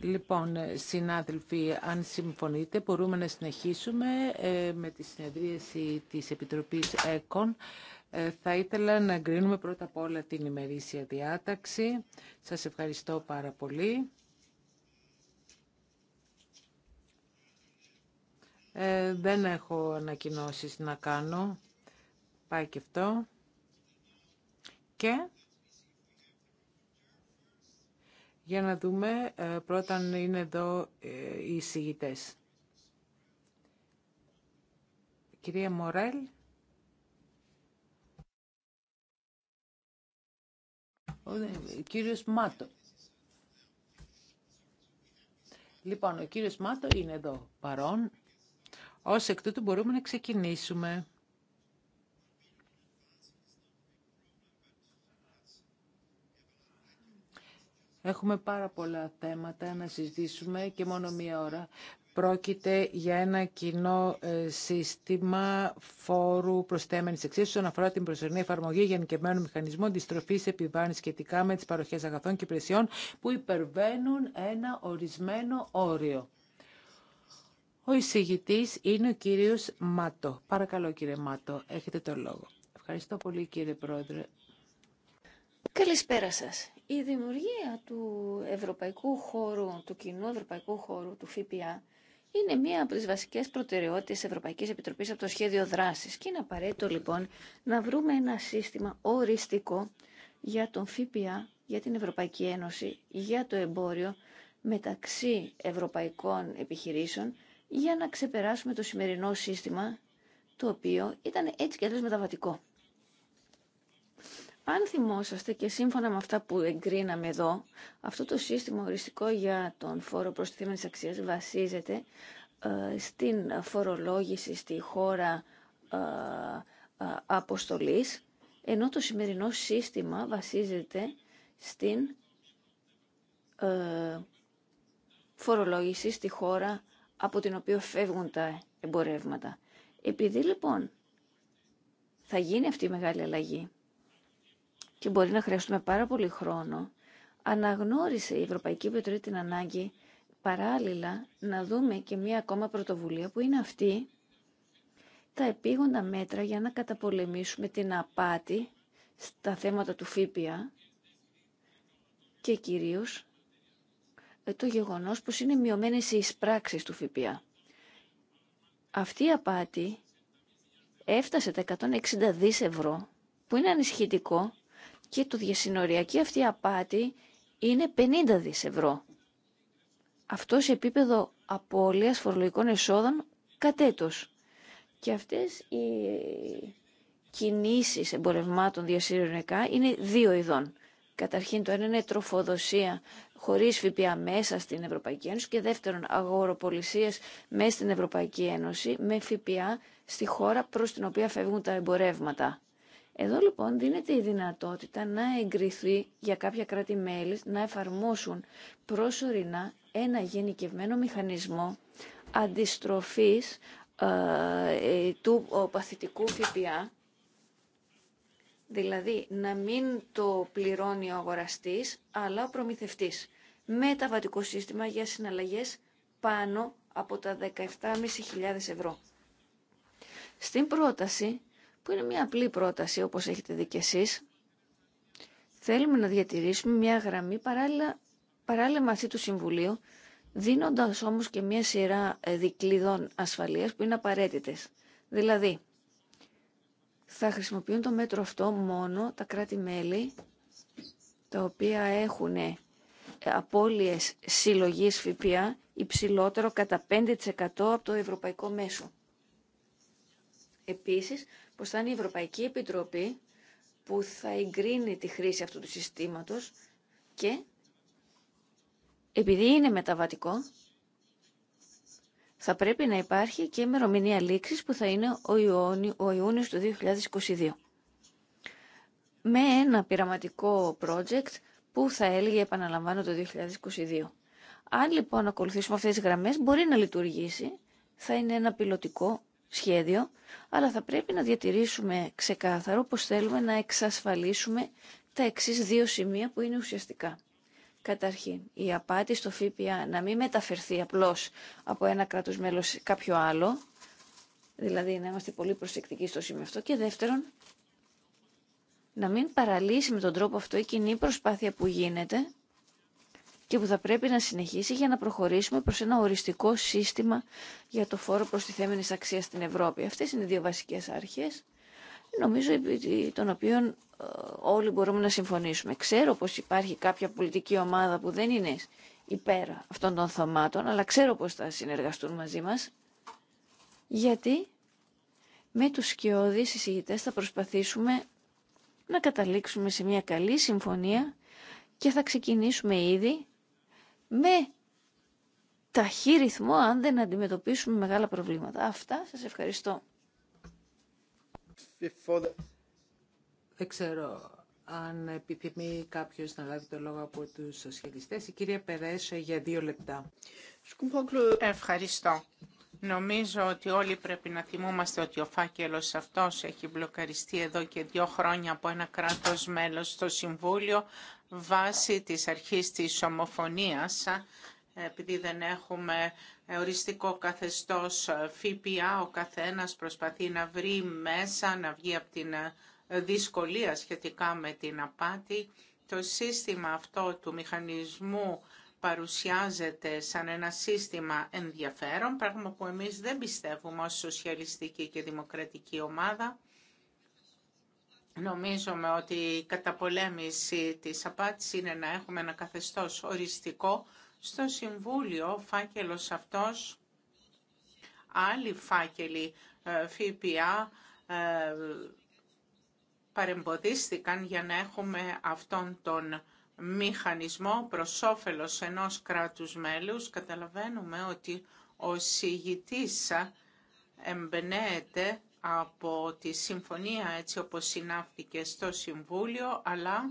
Λοιπόν, συνάδελφοι, αν συμφωνείτε, μπορούμε να συνεχίσουμε ε, με τη συνεδρίαση της Επιτροπής ΕΚΟΝ. Ε, θα ήθελα να εγκρίνουμε πρώτα απ' όλα την ημερήσια διάταξη. Σας ευχαριστώ πάρα πολύ. Ε, δεν έχω ανακοινώσεις να κάνω. Πάει και αυτό. Και Για να δούμε ε, πρώτα αν είναι εδώ ε, οι εισηγητές. Κυρία Μορέλ. Ο ε, κύριος Μάτο. Λοιπόν, ο κύριος Μάτο είναι εδώ παρόν. Ως εκ τούτου μπορούμε να ξεκινήσουμε. Έχουμε πάρα πολλά θέματα να συζητήσουμε και μόνο μία ώρα. Πρόκειται για ένα κοινό ε, σύστημα φόρου προστέμενης εξίσου όσον αφορά την προσωρινή εφαρμογή γενικευμένου μηχανισμού αντιστροφή επιβάρυνση σχετικά με τι παροχέ αγαθών και υπηρεσιών που υπερβαίνουν ένα ορισμένο όριο. Ο εισηγητή είναι ο κύριο Μάτο. Παρακαλώ, κύριε Μάτο, έχετε το λόγο. Ευχαριστώ πολύ, κύριε Πρόεδρε. Καλησπέρα σας. Η δημιουργία του ευρωπαϊκού χώρου, του κοινού ευρωπαϊκού χώρου, του ΦΠΑ, είναι μία από τις βασικές προτεραιότητες της Ευρωπαϊκής Επιτροπής από το σχέδιο δράσης και είναι απαραίτητο λοιπόν να βρούμε ένα σύστημα οριστικό για τον ΦΠΑ, για την Ευρωπαϊκή Ένωση, για το εμπόριο μεταξύ ευρωπαϊκών επιχειρήσεων για να ξεπεράσουμε το σημερινό σύστημα το οποίο ήταν έτσι και αλλιώς μεταβατικό. Αν θυμόσαστε και σύμφωνα με αυτά που εγκρίναμε εδώ, αυτό το σύστημα οριστικό για τον φόρο προστιθέμενης αξίας βασίζεται ε, στην φορολόγηση στη χώρα ε, ε, αποστολής, ενώ το σημερινό σύστημα βασίζεται στην φορολόγηση στη χώρα από την οποία φεύγουν τα εμπορεύματα. Επειδή λοιπόν θα γίνει αυτή η μεγάλη αλλαγή, και μπορεί να χρειαστούμε πάρα πολύ χρόνο, αναγνώρισε η Ευρωπαϊκή Επιτροπή την ανάγκη παράλληλα να δούμε και μία ακόμα πρωτοβουλία που είναι αυτή τα επίγοντα μέτρα για να καταπολεμήσουμε την απάτη στα θέματα του ΦΥΠΙΑ και κυρίως ε, το γεγονός πως είναι μειωμένες οι εισπράξεις του ΦΥΠΙΑ. Αυτή η απάτη έφτασε τα 160 δις ευρώ, που είναι ανησυχητικό, και το διασυνοριακή αυτή απάτη είναι 50 δις ευρώ. Αυτό σε επίπεδο απώλειας φορολογικών εσόδων κατέτος. Και αυτές οι κινήσεις εμπορευμάτων διασυνοριακά είναι δύο ειδών. Καταρχήν το ένα είναι τροφοδοσία χωρίς ΦΠΑ μέσα στην Ευρωπαϊκή Ένωση και δεύτερον αγοροπολισίες μέσα στην Ευρωπαϊκή Ένωση με ΦΠΑ στη χώρα προς την οποία φεύγουν τα εμπορεύματα. Εδώ λοιπόν δίνεται η δυνατότητα να εγκριθεί για κάποια κράτη-μέλη να εφαρμόσουν προσωρινά ένα γενικευμένο μηχανισμό αντιστροφής ε, ε, του παθητικού ΦΠΑ, δηλαδή να μην το πληρώνει ο αγοραστής, αλλά ο προμηθευτής. Μεταβατικό σύστημα για συναλλαγές πάνω από τα 17.500 ευρώ. Στην πρόταση που είναι μια απλή πρόταση όπως έχετε δει και εσείς. Θέλουμε να διατηρήσουμε μια γραμμή παράλληλα, παράλληλα με αυτή του Συμβουλίου, δίνοντας όμως και μια σειρά ε, δικλειδών ασφαλείας που είναι απαραίτητες. Δηλαδή, θα χρησιμοποιούν το μέτρο αυτό μόνο τα κράτη-μέλη τα οποία έχουν ε, απώλειες συλλογής ΦΠΑ υψηλότερο κατά 5% από το ευρωπαϊκό μέσο. Επίσης, πως θα είναι η Ευρωπαϊκή Επιτροπή που θα εγκρίνει τη χρήση αυτού του συστήματος και επειδή είναι μεταβατικό θα πρέπει να υπάρχει και ημερομηνία λήξη που θα είναι ο, Ιούνι, ο Ιούνιος του 2022 με ένα πειραματικό project που θα έλεγε επαναλαμβάνω το 2022. Αν λοιπόν ακολουθήσουμε αυτές τις γραμμές μπορεί να λειτουργήσει, θα είναι ένα πιλωτικό σχέδιο, αλλά θα πρέπει να διατηρήσουμε ξεκάθαρο πως θέλουμε να εξασφαλίσουμε τα εξής δύο σημεία που είναι ουσιαστικά. Καταρχήν, η απάτη στο ΦΠΑ να μην μεταφερθεί απλώς από ένα κράτος μέλος σε κάποιο άλλο, δηλαδή να είμαστε πολύ προσεκτικοί στο σημείο αυτό. Και δεύτερον, να μην παραλύσει με τον τρόπο αυτό η κοινή προσπάθεια που γίνεται και που θα πρέπει να συνεχίσει για να προχωρήσουμε προς ένα οριστικό σύστημα για το φόρο τη θέμενη αξία στην Ευρώπη. Αυτές είναι οι δύο βασικές αρχές, νομίζω των οποίων ε, όλοι μπορούμε να συμφωνήσουμε. Ξέρω πως υπάρχει κάποια πολιτική ομάδα που δεν είναι υπέρ αυτών των θωμάτων, αλλά ξέρω πως θα συνεργαστούν μαζί μας, γιατί με τους σκιώδεις εισηγητές θα προσπαθήσουμε να καταλήξουμε σε μια καλή συμφωνία και θα ξεκινήσουμε ήδη με ταχύ ρυθμό αν δεν αντιμετωπίσουμε μεγάλα προβλήματα. Αυτά. Σας ευχαριστώ. Δεν ξέρω αν επιθυμεί κάποιος να λάβει το λόγο από τους σοσιαλιστές. Η κυρία Περέσο για δύο λεπτά. Ευχαριστώ. Νομίζω ότι όλοι πρέπει να θυμόμαστε ότι ο φάκελος αυτός έχει μπλοκαριστεί εδώ και δύο χρόνια από ένα κράτος μέλος στο Συμβούλιο βάση της αρχής της ομοφωνίας, επειδή δεν έχουμε οριστικό καθεστώς ΦΠΑ, ο καθένας προσπαθεί να βρει μέσα, να βγει από την δυσκολία σχετικά με την απάτη. Το σύστημα αυτό του μηχανισμού παρουσιάζεται σαν ένα σύστημα ενδιαφέρον, πράγμα που εμείς δεν πιστεύουμε ως σοσιαλιστική και δημοκρατική ομάδα. Νομίζουμε ότι η καταπολέμηση της απάτης είναι να έχουμε ένα καθεστώς οριστικό. Στο Συμβούλιο, φάκελος αυτός, άλλοι φάκελοι ε, ΦΠΑ ε, παρεμποδίστηκαν για να έχουμε αυτόν τον μηχανισμό προς όφελος ενός κράτους μέλους. Καταλαβαίνουμε ότι ο συγητής ε, εμπνέεται από τη συμφωνία έτσι όπως συνάφθηκε στο Συμβούλιο, αλλά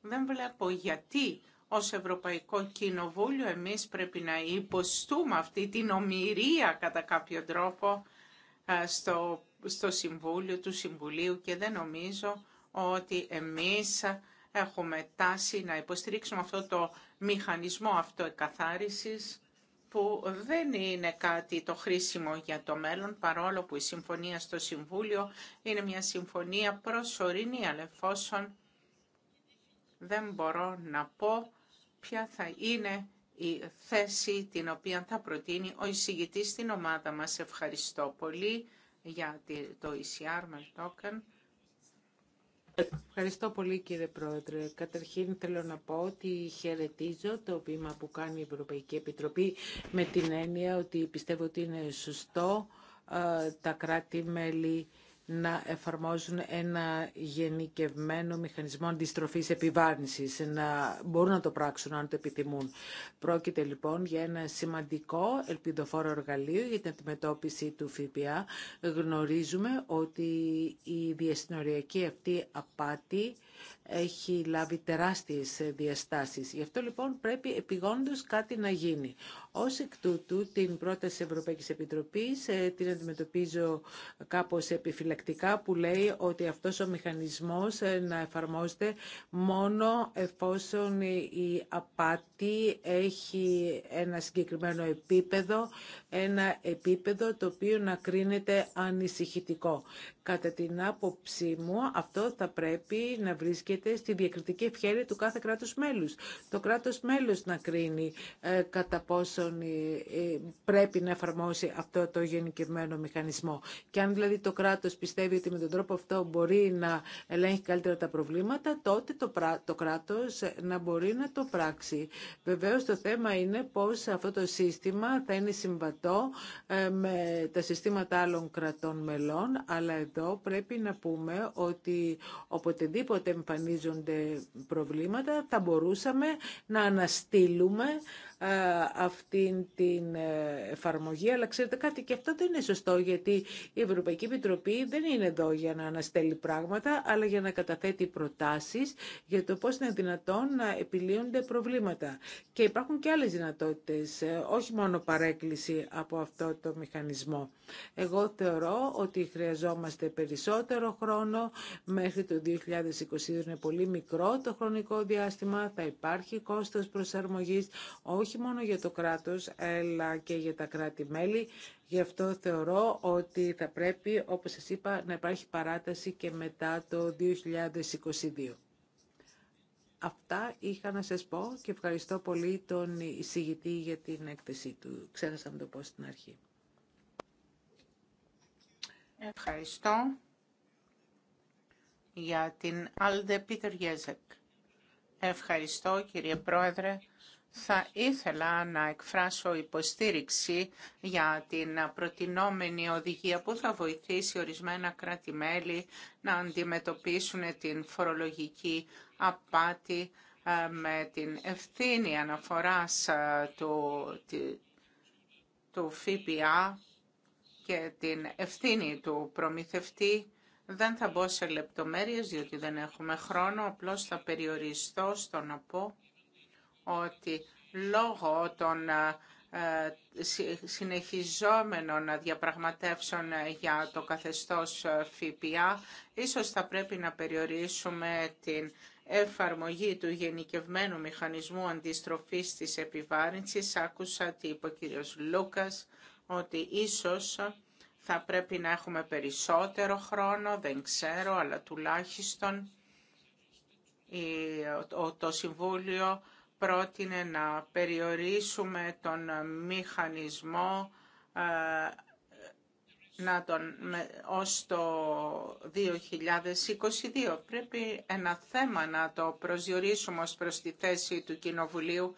δεν βλέπω γιατί ως Ευρωπαϊκό Κοινοβούλιο εμείς πρέπει να υποστούμε αυτή την ομοιρία κατά κάποιο τρόπο στο, στο Συμβούλιο του Συμβουλίου και δεν νομίζω ότι εμείς έχουμε τάση να υποστηρίξουμε αυτό το μηχανισμό αυτοεκαθάρισης που δεν είναι κάτι το χρήσιμο για το μέλλον, παρόλο που η συμφωνία στο Συμβούλιο είναι μια συμφωνία προσωρινή, αλλά εφόσον δεν μπορώ να πω ποια θα είναι η θέση την οποία θα προτείνει ο εισηγητής στην ομάδα μας. Ευχαριστώ πολύ για το ECR Token. Ευχαριστώ πολύ κύριε Πρόεδρε. Καταρχήν θέλω να πω ότι χαιρετίζω το βήμα που κάνει η Ευρωπαϊκή Επιτροπή με την έννοια ότι πιστεύω ότι είναι σωστό ε, τα κράτη-μέλη να εφαρμόζουν ένα γενικευμένο μηχανισμό αντιστροφής επιβάρυνσης, να μπορούν να το πράξουν αν το επιθυμούν. Πρόκειται λοιπόν για ένα σημαντικό ελπιδοφόρο εργαλείο για την αντιμετώπιση του ΦΠΑ. Γνωρίζουμε ότι η διασυνοριακή αυτή απάτη έχει λάβει τεράστιες διαστάσεις. Γι' αυτό λοιπόν πρέπει επιγόντως κάτι να γίνει. Ως εκ τούτου την πρόταση Ευρωπαϊκής Επιτροπής ε, την αντιμετωπίζω κάπως επιφυλακτικά που λέει ότι αυτός ο μηχανισμός ε, να εφαρμόζεται μόνο εφόσον η απάτη έχει ένα συγκεκριμένο επίπεδο, ένα επίπεδο το οποίο να κρίνεται ανησυχητικό. Κατά την άποψή μου, αυτό θα πρέπει να βρίσκεται στη διακριτική ευχαίρεια του κάθε κράτους μέλους. Το κράτος μέλος να κρίνει ε, κατά πόσον ε, ε, πρέπει να εφαρμόσει αυτό το γενικευμένο μηχανισμό. Και αν δηλαδή το κράτος πιστεύει ότι με τον τρόπο αυτό μπορεί να ελέγχει καλύτερα τα προβλήματα, τότε το, πρά το κράτος να μπορεί να το πράξει. Βεβαίως το θέμα είναι πώς αυτό το σύστημα θα είναι συμβατό με τα συστήματα άλλων κρατών μελών, αλλά εδώ πρέπει να πούμε ότι οποτεδήποτε εμφανίζονται προβλήματα θα μπορούσαμε να αναστείλουμε ε, αυτήν την ε, εφαρμογή. Αλλά ξέρετε κάτι, και αυτό δεν είναι σωστό, γιατί η Ευρωπαϊκή Επιτροπή δεν είναι εδώ για να αναστέλει πράγματα, αλλά για να καταθέτει προτάσεις για το πώς είναι δυνατόν να επιλύονται προβλήματα. Και υπάρχουν και άλλες δυνατότητες, ε, όχι μόνο παρέκκληση από αυτό το μηχανισμό. Εγώ θεωρώ ότι χρειαζόμαστε περισσότερο χρόνο μέχρι το 2022 είναι πολύ μικρό το χρονικό διάστημα, θα υπάρχει κόστος προσαρμογής, όχι όχι μόνο για το κράτος, αλλά και για τα κράτη-μέλη. Γι' αυτό θεωρώ ότι θα πρέπει, όπως σας είπα, να υπάρχει παράταση και μετά το 2022. Αυτά είχα να σας πω και ευχαριστώ πολύ τον εισηγητή για την έκθεσή του. Ξέχασα να το πω στην αρχή. Ευχαριστώ για την Άλντε Πίτερ Γέζεκ. Ευχαριστώ κύριε Πρόεδρε. Θα ήθελα να εκφράσω υποστήριξη για την προτινόμενη οδηγία που θα βοηθήσει ορισμένα κράτη-μέλη να αντιμετωπίσουν την φορολογική απάτη ε, με την ευθύνη αναφοράς ε, του, του ΦΠΑ και την ευθύνη του προμηθευτή. Δεν θα μπω σε λεπτομέρειες διότι δεν έχουμε χρόνο, απλώς θα περιοριστώ στο να πω ότι λόγω των ε, συνεχιζόμενων διαπραγματεύσεων ε, για το καθεστώς ε, ΦΠΑ, ίσως θα πρέπει να περιορίσουμε την εφαρμογή του γενικευμένου μηχανισμού αντιστροφής της επιβάρυνσης. Άκουσα τι είπε ο Λούκας, ότι ίσως θα πρέπει να έχουμε περισσότερο χρόνο, δεν ξέρω, αλλά τουλάχιστον το Συμβούλιο πρότεινε να περιορίσουμε τον μηχανισμό ε, να τον, ως το 2022. Πρέπει ένα θέμα να το προσδιορίσουμε ως προς τη θέση του Κοινοβουλίου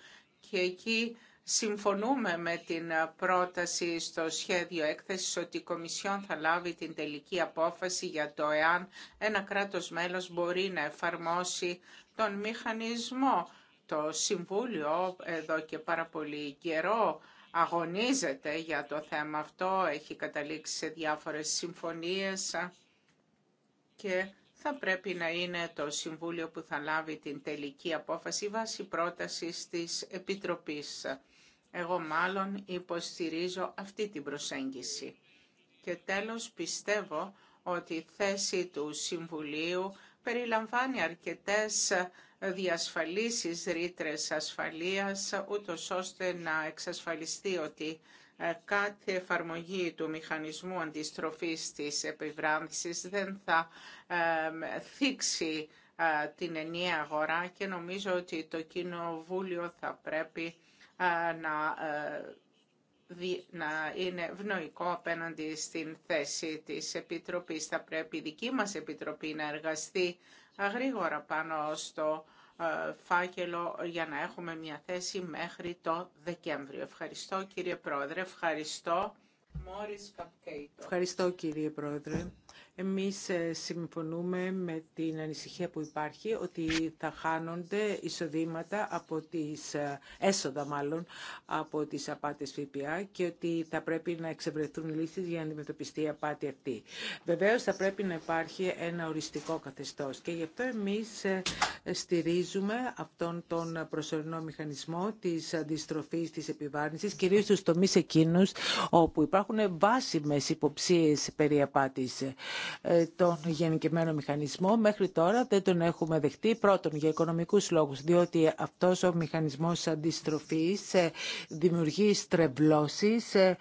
και εκεί συμφωνούμε με την πρόταση στο σχέδιο έκθεσης ότι η Κομισιόν θα λάβει την τελική απόφαση για το εάν ένα κράτος μέλος μπορεί να εφαρμόσει τον μηχανισμό το Συμβούλιο εδώ και πάρα πολύ καιρό αγωνίζεται για το θέμα αυτό, έχει καταλήξει σε διάφορες συμφωνίες και θα πρέπει να είναι το Συμβούλιο που θα λάβει την τελική απόφαση βάσει πρότασης της Επιτροπής. Εγώ μάλλον υποστηρίζω αυτή την προσέγγιση. Και τέλος πιστεύω ότι η θέση του Συμβουλίου περιλαμβάνει αρκετές διασφαλίσεις ρήτρες ασφαλείας, ούτως ώστε να εξασφαλιστεί ότι ε, κάθε εφαρμογή του μηχανισμού αντιστροφής της επιβράδυνσης δεν θα ε, θίξει ε, την ενιαία αγορά και νομίζω ότι το Κοινοβούλιο θα πρέπει να, να είναι ευνοϊκό απέναντι στην θέση της Επιτροπής. Θα πρέπει η δική μας Επιτροπή να εργαστεί γρήγορα πάνω στο ε, φάκελο για να έχουμε μια θέση μέχρι το Δεκέμβριο. Ευχαριστώ κύριε Πρόεδρε, ευχαριστώ. Ευχαριστώ κύριε Πρόεδρε. Εμείς ε, συμφωνούμε με την ανησυχία που υπάρχει ότι θα χάνονται εισοδήματα από τις ε, έσοδα μάλλον από τις απάτες ΦΠΑ και ότι θα πρέπει να εξευρεθούν λύσεις για να αντιμετωπιστεί η απάτη αυτή. Βεβαίως θα πρέπει να υπάρχει ένα οριστικό καθεστώς και γι' αυτό εμείς ε, στηρίζουμε αυτόν τον προσωρινό μηχανισμό της αντιστροφής της επιβάρυνσης κυρίως στους τομείς εκείνους όπου υπάρχουν βάσιμες υποψίες περί απάτης. Ε, τον γενικεμένο μηχανισμό. Μέχρι τώρα δεν τον έχουμε δεχτεί. Πρώτον, για οικονομικούς λόγους, διότι αυτός ο μηχανισμός αντιστροφή ε, δημιουργεί στρεβλώσεις ε,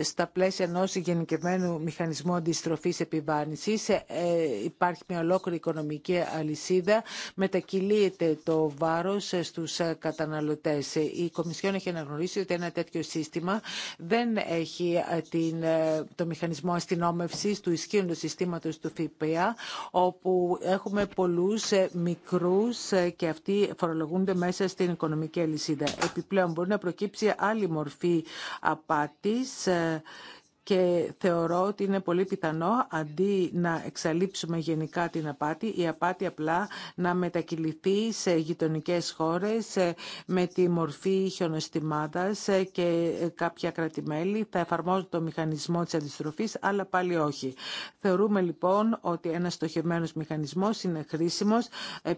στα πλαίσια ενό γενικευμένου μηχανισμού αντιστροφή επιβάρυνσης. Υπάρχει μια ολόκληρη οικονομική αλυσίδα. Μετακυλείται το βάρος στου καταναλωτέ. Η Κομισιόν έχει αναγνωρίσει ότι ένα τέτοιο σύστημα δεν έχει την, το μηχανισμό αστυνόμευση του ισχύοντο συστήματο συστήματος του ΦΠΑ, όπου έχουμε πολλούς ε, μικρούς ε, και αυτοί φορολογούνται μέσα στην οικονομική αλυσίδα. Επιπλέον μπορεί να προκύψει άλλη μορφή απάτης ε, και θεωρώ ότι είναι πολύ πιθανό αντί να εξαλείψουμε γενικά την απάτη, η απάτη απλά να μετακυληθεί σε γειτονικέ χώρες ε, με τη μορφή χιονοστημάδας ε, και ε, κάποια κρατημέλη θα εφαρμόζουν το μηχανισμό της αντιστροφής, αλλά πάλι όχι. Θεωρούμε λοιπόν ότι ένα στοχευμένος μηχανισμός είναι χρήσιμος.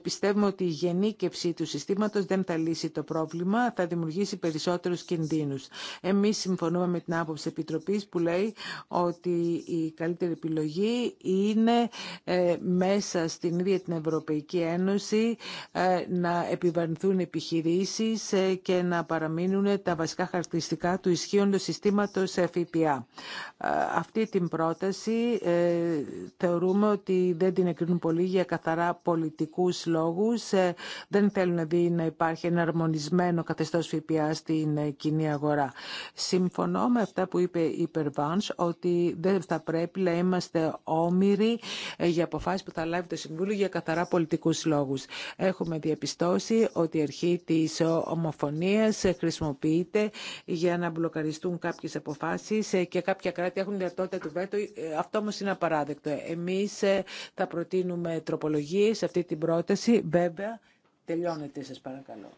Πιστεύουμε ότι η γενίκευση του συστήματος δεν θα λύσει το πρόβλημα, θα δημιουργήσει περισσότερους κινδύνους. Εμείς συμφωνούμε με την άποψη Επιτροπής που λέει ότι η καλύτερη επιλογή είναι ε, μέσα στην ίδια την Ευρωπαϊκή Ένωση ε, να επιβαρυνθούν επιχειρήσεις ε, και να παραμείνουν τα βασικά χαρακτηριστικά του ισχύοντος συστήματος FIPA. Αυτή την πρόταση θεωρούμε ότι δεν την εκρίνουν πολύ για καθαρά πολιτικούς λόγους. Δεν θέλουν δηλαδή να υπάρχει ένα αρμονισμένο καθεστώς FIPA στην κοινή αγορά. Συμφωνώ με αυτά που είπε η Περβά ότι δεν θα πρέπει να είμαστε όμοιροι ε, για αποφάσει που θα λάβει το Συμβούλιο για καθαρά πολιτικού λόγου. Έχουμε διαπιστώσει ότι η αρχή τη Ομοφωνία χρησιμοποιείται για να μπλοκαριστούν κάποιε αποφάσει ε, και κάποια κράτη έχουν δυνατότητα του βέτο. Ε, αυτό όμω είναι απαράδεκτο. Εμεί θα προτείνουμε τροπολογίε σε αυτή την πρόταση. Βέβαια, τελειώνετε σα παρακαλώ.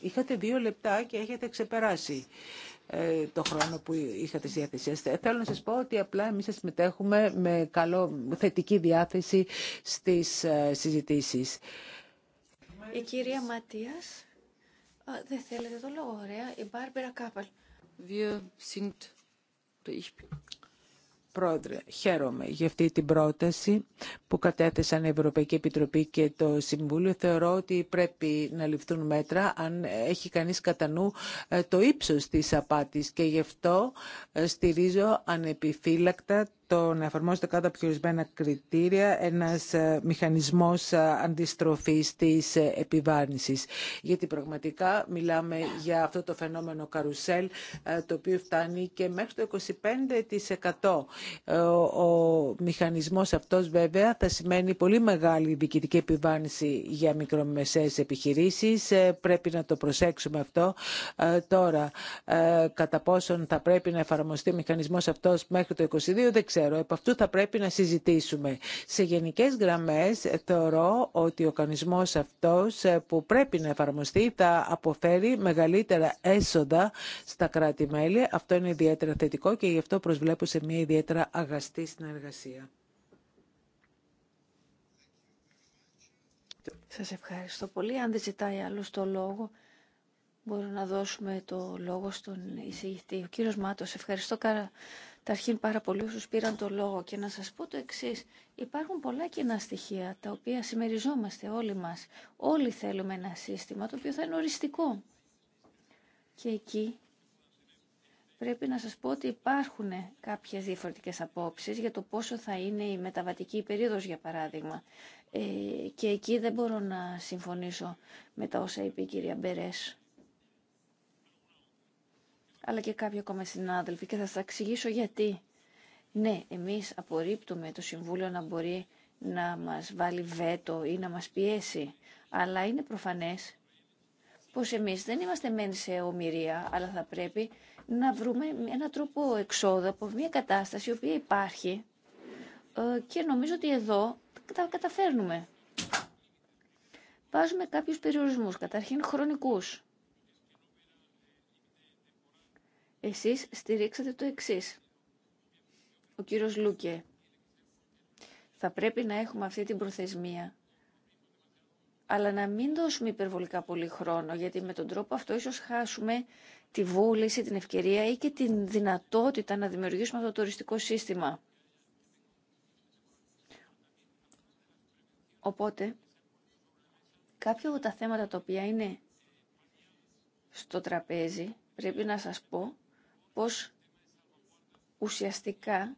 Είχατε δύο λεπτά και έχετε ξεπεράσει. Ε, το χρόνο που είχατε στη διάθεσή σας. Ε, θέλω να σας πω ότι απλά εμείς θα συμμετέχουμε με καλό, θετική διάθεση στις ε, συζητήσεις. Η κυρία Ματίας, Α, δεν θέλετε το λόγο, ωραία. Η Μπάρμπερα Κάπαλ. Πρόεδρε, χαίρομαι για αυτή την πρόταση που κατέθεσαν η Ευρωπαϊκή Επιτροπή και το Συμβούλιο. Θεωρώ ότι πρέπει να ληφθούν μέτρα αν έχει κανείς κατά νου ε, το ύψος της απάτης και γι' αυτό ε, στηρίζω ανεπιφύλακτα το να εφαρμόζεται κάτω από ορισμένα κριτήρια ένας ε, μηχανισμός ε, αντιστροφής της ε, επιβάρυνσης. Γιατί πραγματικά μιλάμε για αυτό το φαινόμενο καρουσέλ, το οποίο φτάνει και μέχρι το 25%. Ο μηχανισμός αυτός βέβαια θα σημαίνει πολύ μεγάλη διοικητική επιβάρυνση για μικρομεσαίες επιχειρήσεις. Πρέπει να το προσέξουμε αυτό. Τώρα, κατά πόσον θα πρέπει να εφαρμοστεί ο μηχανισμός αυτός μέχρι το 22% δεν ξέρω ξέρω. Επ' αυτού θα πρέπει να συζητήσουμε. Σε γενικές γραμμές ε, θεωρώ ότι ο κανισμός αυτός ε, που πρέπει να εφαρμοστεί θα αποφέρει μεγαλύτερα έσοδα στα κράτη-μέλη. Αυτό είναι ιδιαίτερα θετικό και γι' αυτό προσβλέπω σε μια ιδιαίτερα αγαστή συνεργασία. Σας ευχαριστώ πολύ. Αν δεν ζητάει άλλο το λόγο, μπορούμε να δώσουμε το λόγο στον εισηγητή. Ο κύριος Μάτος, ευχαριστώ καταρχήν πάρα πολύ όσους πήραν το λόγο και να σας πω το εξής. Υπάρχουν πολλά κοινά στοιχεία τα οποία συμμεριζόμαστε όλοι μας. Όλοι θέλουμε ένα σύστημα το οποίο θα είναι οριστικό. Και εκεί πρέπει να σας πω ότι υπάρχουν κάποιες διαφορετικές απόψεις για το πόσο θα είναι η μεταβατική περίοδος, για παράδειγμα. Ε, και εκεί δεν μπορώ να συμφωνήσω με τα όσα είπε η κυρία Μπερέσου αλλά και κάποιοι ακόμα συνάδελφοι και θα σας εξηγήσω γιατί. Ναι, εμείς απορρίπτουμε το Συμβούλιο να μπορεί να μας βάλει βέτο ή να μας πιέσει, αλλά είναι προφανές πως εμείς δεν είμαστε μεν σε ομοιρία, αλλά θα πρέπει να βρούμε ένα τρόπο εξόδου από μια κατάσταση η οποία υπάρχει ε, και νομίζω ότι εδώ τα καταφέρνουμε. Βάζουμε κάποιους περιορισμούς, καταρχήν χρονικούς. Εσείς στηρίξατε το εξής. Ο κύριος Λούκε. Θα πρέπει να έχουμε αυτή την προθεσμία αλλά να μην δώσουμε υπερβολικά πολύ χρόνο, γιατί με τον τρόπο αυτό ίσως χάσουμε τη βούληση, την ευκαιρία ή και την δυνατότητα να δημιουργήσουμε αυτό το τουριστικό σύστημα. Οπότε, κάποια από τα θέματα τα οποία είναι στο τραπέζι, πρέπει να σας πω πως ουσιαστικά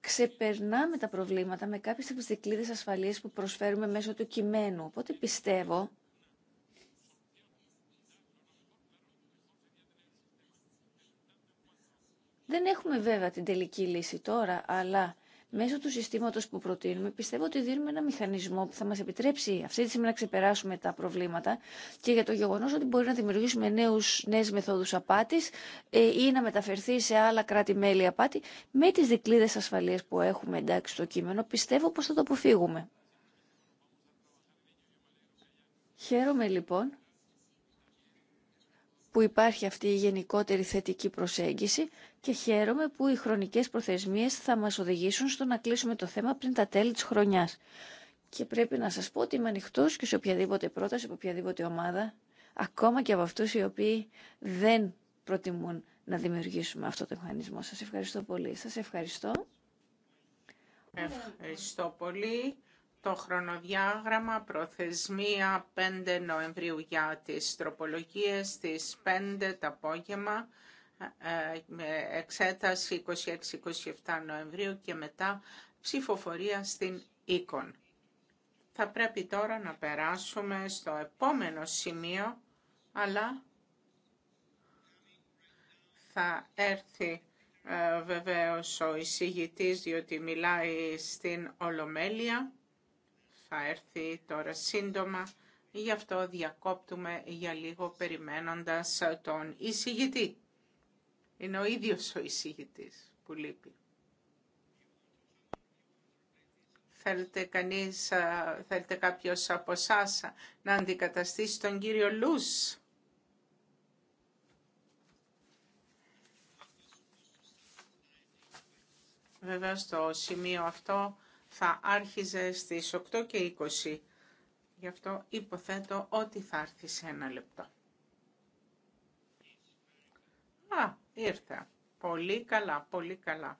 ξεπερνάμε τα προβλήματα με κάποιες από τις δικλείδες που προσφέρουμε μέσω του κειμένου. Οπότε πιστεύω Δεν έχουμε βέβαια την τελική λύση τώρα, αλλά Μέσω του συστήματος που προτείνουμε, πιστεύω ότι δίνουμε ένα μηχανισμό που θα μας επιτρέψει αυτή τη στιγμή να ξεπεράσουμε τα προβλήματα και για το γεγονό ότι μπορεί να δημιουργήσουμε νέους, μεθόδου μεθόδους απάτης ε, ή να μεταφερθεί σε άλλα κράτη-μέλη απάτη με τις δικλείδες ασφαλεία που έχουμε εντάξει στο κείμενο, πιστεύω πώ θα το αποφύγουμε. Χαίρομαι λοιπόν που υπάρχει αυτή η γενικότερη θετική προσέγγιση και χαίρομαι που οι χρονικές προθεσμίες θα μας οδηγήσουν στο να κλείσουμε το θέμα πριν τα τέλη της χρονιάς. Και πρέπει να σας πω ότι είμαι ανοιχτό και σε οποιαδήποτε πρόταση, από οποιαδήποτε ομάδα, ακόμα και από αυτούς οι οποίοι δεν προτιμούν να δημιουργήσουμε αυτό το μηχανισμό. Σας ευχαριστώ πολύ. Σας ευχαριστώ. Ευχαριστώ πολύ το χρονοδιάγραμμα προθεσμία 5 Νοεμβρίου για τις τροπολογίες στις 5 το απόγευμα ε, εξέταση 26-27 Νοεμβρίου και μετά ψηφοφορία στην Econ. Θα πρέπει τώρα να περάσουμε στο επόμενο σημείο, αλλά θα έρθει ε, βεβαίως ο εισηγητής διότι μιλάει στην Ολομέλεια θα έρθει τώρα σύντομα, γι' αυτό διακόπτουμε για λίγο περιμένοντας τον εισηγητή. Είναι ο ίδιος ο εισηγητής που λείπει. Θέλετε, κανείς, κάποιος από εσά να αντικαταστήσει τον κύριο Λούς. Βέβαια στο σημείο αυτό θα άρχιζε στις 8 και 20. Γι' αυτό υποθέτω ότι θα έρθει σε ένα λεπτό. Α, ήρθε. Πολύ καλά, πολύ καλά.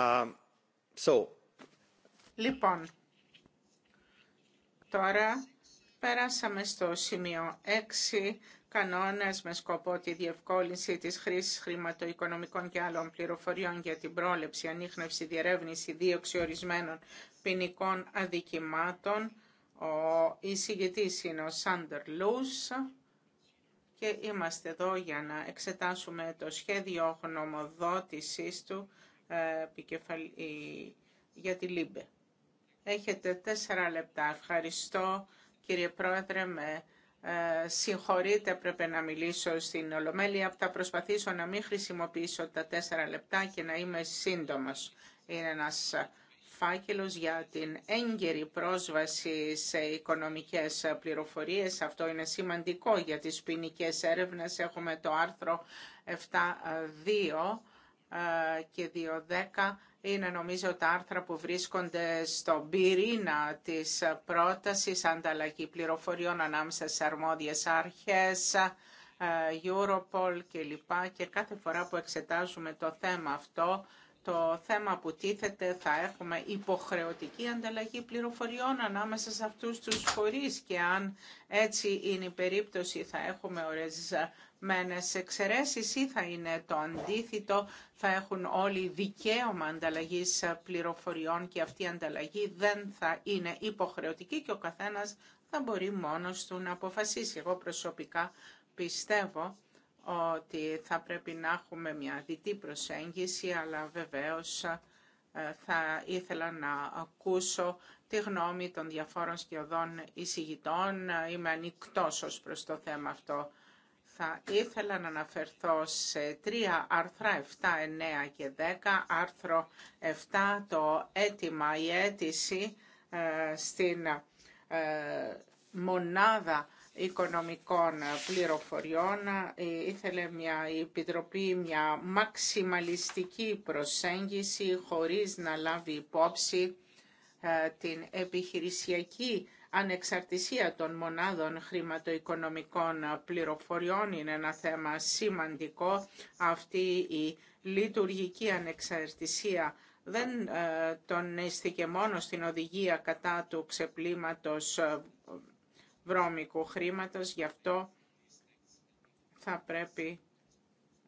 Um, λοιπόν, τώρα περάσαμε στο σημείο 6, κανόνες με σκοπό τη διευκόλυνση της χρήσης χρηματοοικονομικών και άλλων πληροφοριών για την πρόλεψη, ανείχνευση, διερεύνηση, δίωξη ορισμένων ποινικών αδικημάτων. Ο εισηγητής είναι ο Σάντερ Λούς και είμαστε εδώ για να εξετάσουμε το σχέδιο γνωμοδότησης του ε, για τη ΛΥΜΠΕ. Έχετε τέσσερα λεπτά. Ευχαριστώ κύριε Πρόεδρε με ε, συγχωρείτε πρέπει να μιλήσω στην Ολομέλεια. Θα προσπαθήσω να μην χρησιμοποιήσω τα τέσσερα λεπτά και να είμαι σύντομος. Είναι ένας φάκελος για την έγκαιρη πρόσβαση σε οικονομικές πληροφορίες. Αυτό είναι σημαντικό για τις ποινικέ έρευνες. Έχουμε το άρθρο 7.2 ε, και 2.10 είναι νομίζω τα άρθρα που βρίσκονται στον πυρήνα της πρότασης ανταλλαγή πληροφοριών ανάμεσα σε αρμόδιες άρχες, ε, Europol κλπ. Και κάθε φορά που εξετάζουμε το θέμα αυτό, το θέμα που τίθεται θα έχουμε υποχρεωτική ανταλλαγή πληροφοριών ανάμεσα σε αυτούς τους φορείς και αν έτσι είναι η περίπτωση θα έχουμε ωραίες μενες εξαιρέσεις ή θα είναι το αντίθετο, θα έχουν όλοι δικαίωμα ανταλλαγής πληροφοριών και αυτή η ανταλλαγή δεν θα είναι υποχρεωτική και ο καθένας θα μπορεί μόνος του να αποφασίσει. Εγώ προσωπικά πιστεύω ότι θα πρέπει να έχουμε μια διτή προσέγγιση, αλλά βεβαίως ε, θα ήθελα να ακούσω τη γνώμη των διαφόρων σκιωδών εισηγητών. Ε, είμαι ανοιχτό ως προς το θέμα αυτό. Θα ήθελα να αναφερθώ σε τρία άρθρα, 7, 9 και 10. Άρθρο 7, το αίτημα, η αίτηση ε, στην ε, μονάδα οικονομικών πληροφοριών ε, ήθελε μια η Επιτροπή μια μαξιμαλιστική προσέγγιση χωρίς να λάβει υπόψη ε, την επιχειρησιακή ανεξαρτησία των μονάδων χρηματοοικονομικών πληροφοριών είναι ένα θέμα σημαντικό. Αυτή η λειτουργική ανεξαρτησία δεν ε, τονίστηκε μόνο στην οδηγία κατά του ξεπλήματος ε, βρώμικου χρήματος, γι' αυτό θα πρέπει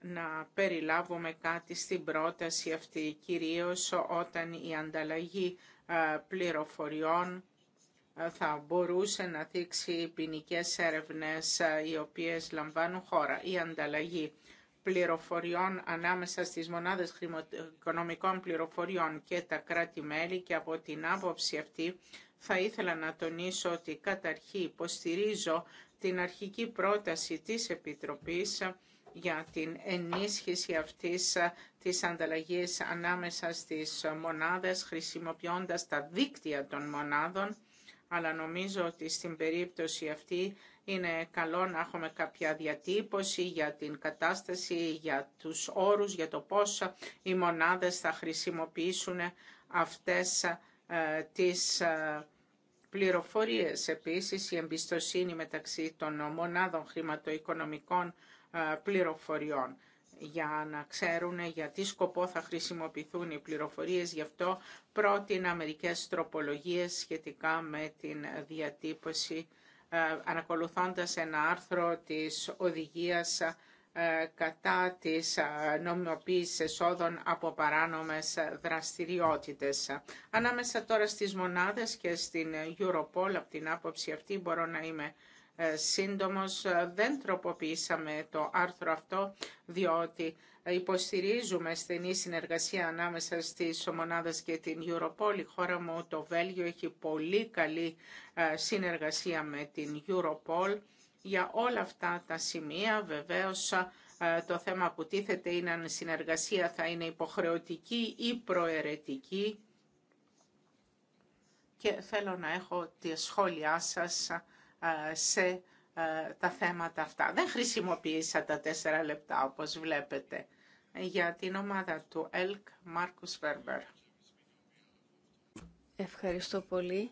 να περιλάβουμε κάτι στην πρόταση αυτή, κυρίως όταν η ανταλλαγή ε, πληροφοριών θα μπορούσε να δείξει ποινικέ έρευνες ε, οι οποίες λαμβάνουν χώρα. Η ανταλλαγή πληροφοριών ανάμεσα στις μονάδες οικονομικών πληροφοριών και τα κράτη-μέλη και από την άποψη αυτή θα ήθελα να τονίσω ότι καταρχή υποστηρίζω την αρχική πρόταση της Επιτροπής ε, για την ενίσχυση αυτής ε, της ανταλλαγής ανάμεσα στις μονάδες χρησιμοποιώντας τα δίκτυα των μονάδων αλλά νομίζω ότι στην περίπτωση αυτή είναι καλό να έχουμε κάποια διατύπωση για την κατάσταση, για τους όρους, για το πώς οι μονάδες θα χρησιμοποιήσουν αυτές ε, τις ε, πληροφορίες. Επίσης, η εμπιστοσύνη μεταξύ των μονάδων χρηματοοικονομικών ε, πληροφοριών για να ξέρουν για τι σκοπό θα χρησιμοποιηθούν οι πληροφορίες. Γι' αυτό πρότεινα μερικέ τροπολογίες σχετικά με την διατύπωση, ε, ανακολουθώντας ένα άρθρο της οδηγίας ε, κατά της ε, νομιμοποίησης εσόδων από παράνομες δραστηριότητες. Ανάμεσα τώρα στις μονάδες και στην Europol, από την άποψη αυτή μπορώ να είμαι ε, σύντομος. Ε, δεν τροποποιήσαμε το άρθρο αυτό, διότι υποστηρίζουμε στενή συνεργασία ανάμεσα στις ομονάδες και την Europol. Η χώρα μου, το Βέλγιο, έχει πολύ καλή ε, συνεργασία με την Europol. Για όλα αυτά τα σημεία, βεβαίως, το θέμα που τίθεται είναι αν η συνεργασία θα είναι υποχρεωτική ή προαιρετική. Και θέλω να έχω τη σχόλιά σας ε, σε ε, τα θέματα αυτά. Δεν χρησιμοποίησα τα τέσσερα λεπτά, όπως βλέπετε, για την ομάδα του ΕΛΚ Μάρκους Βέρμπερ. Ευχαριστώ πολύ.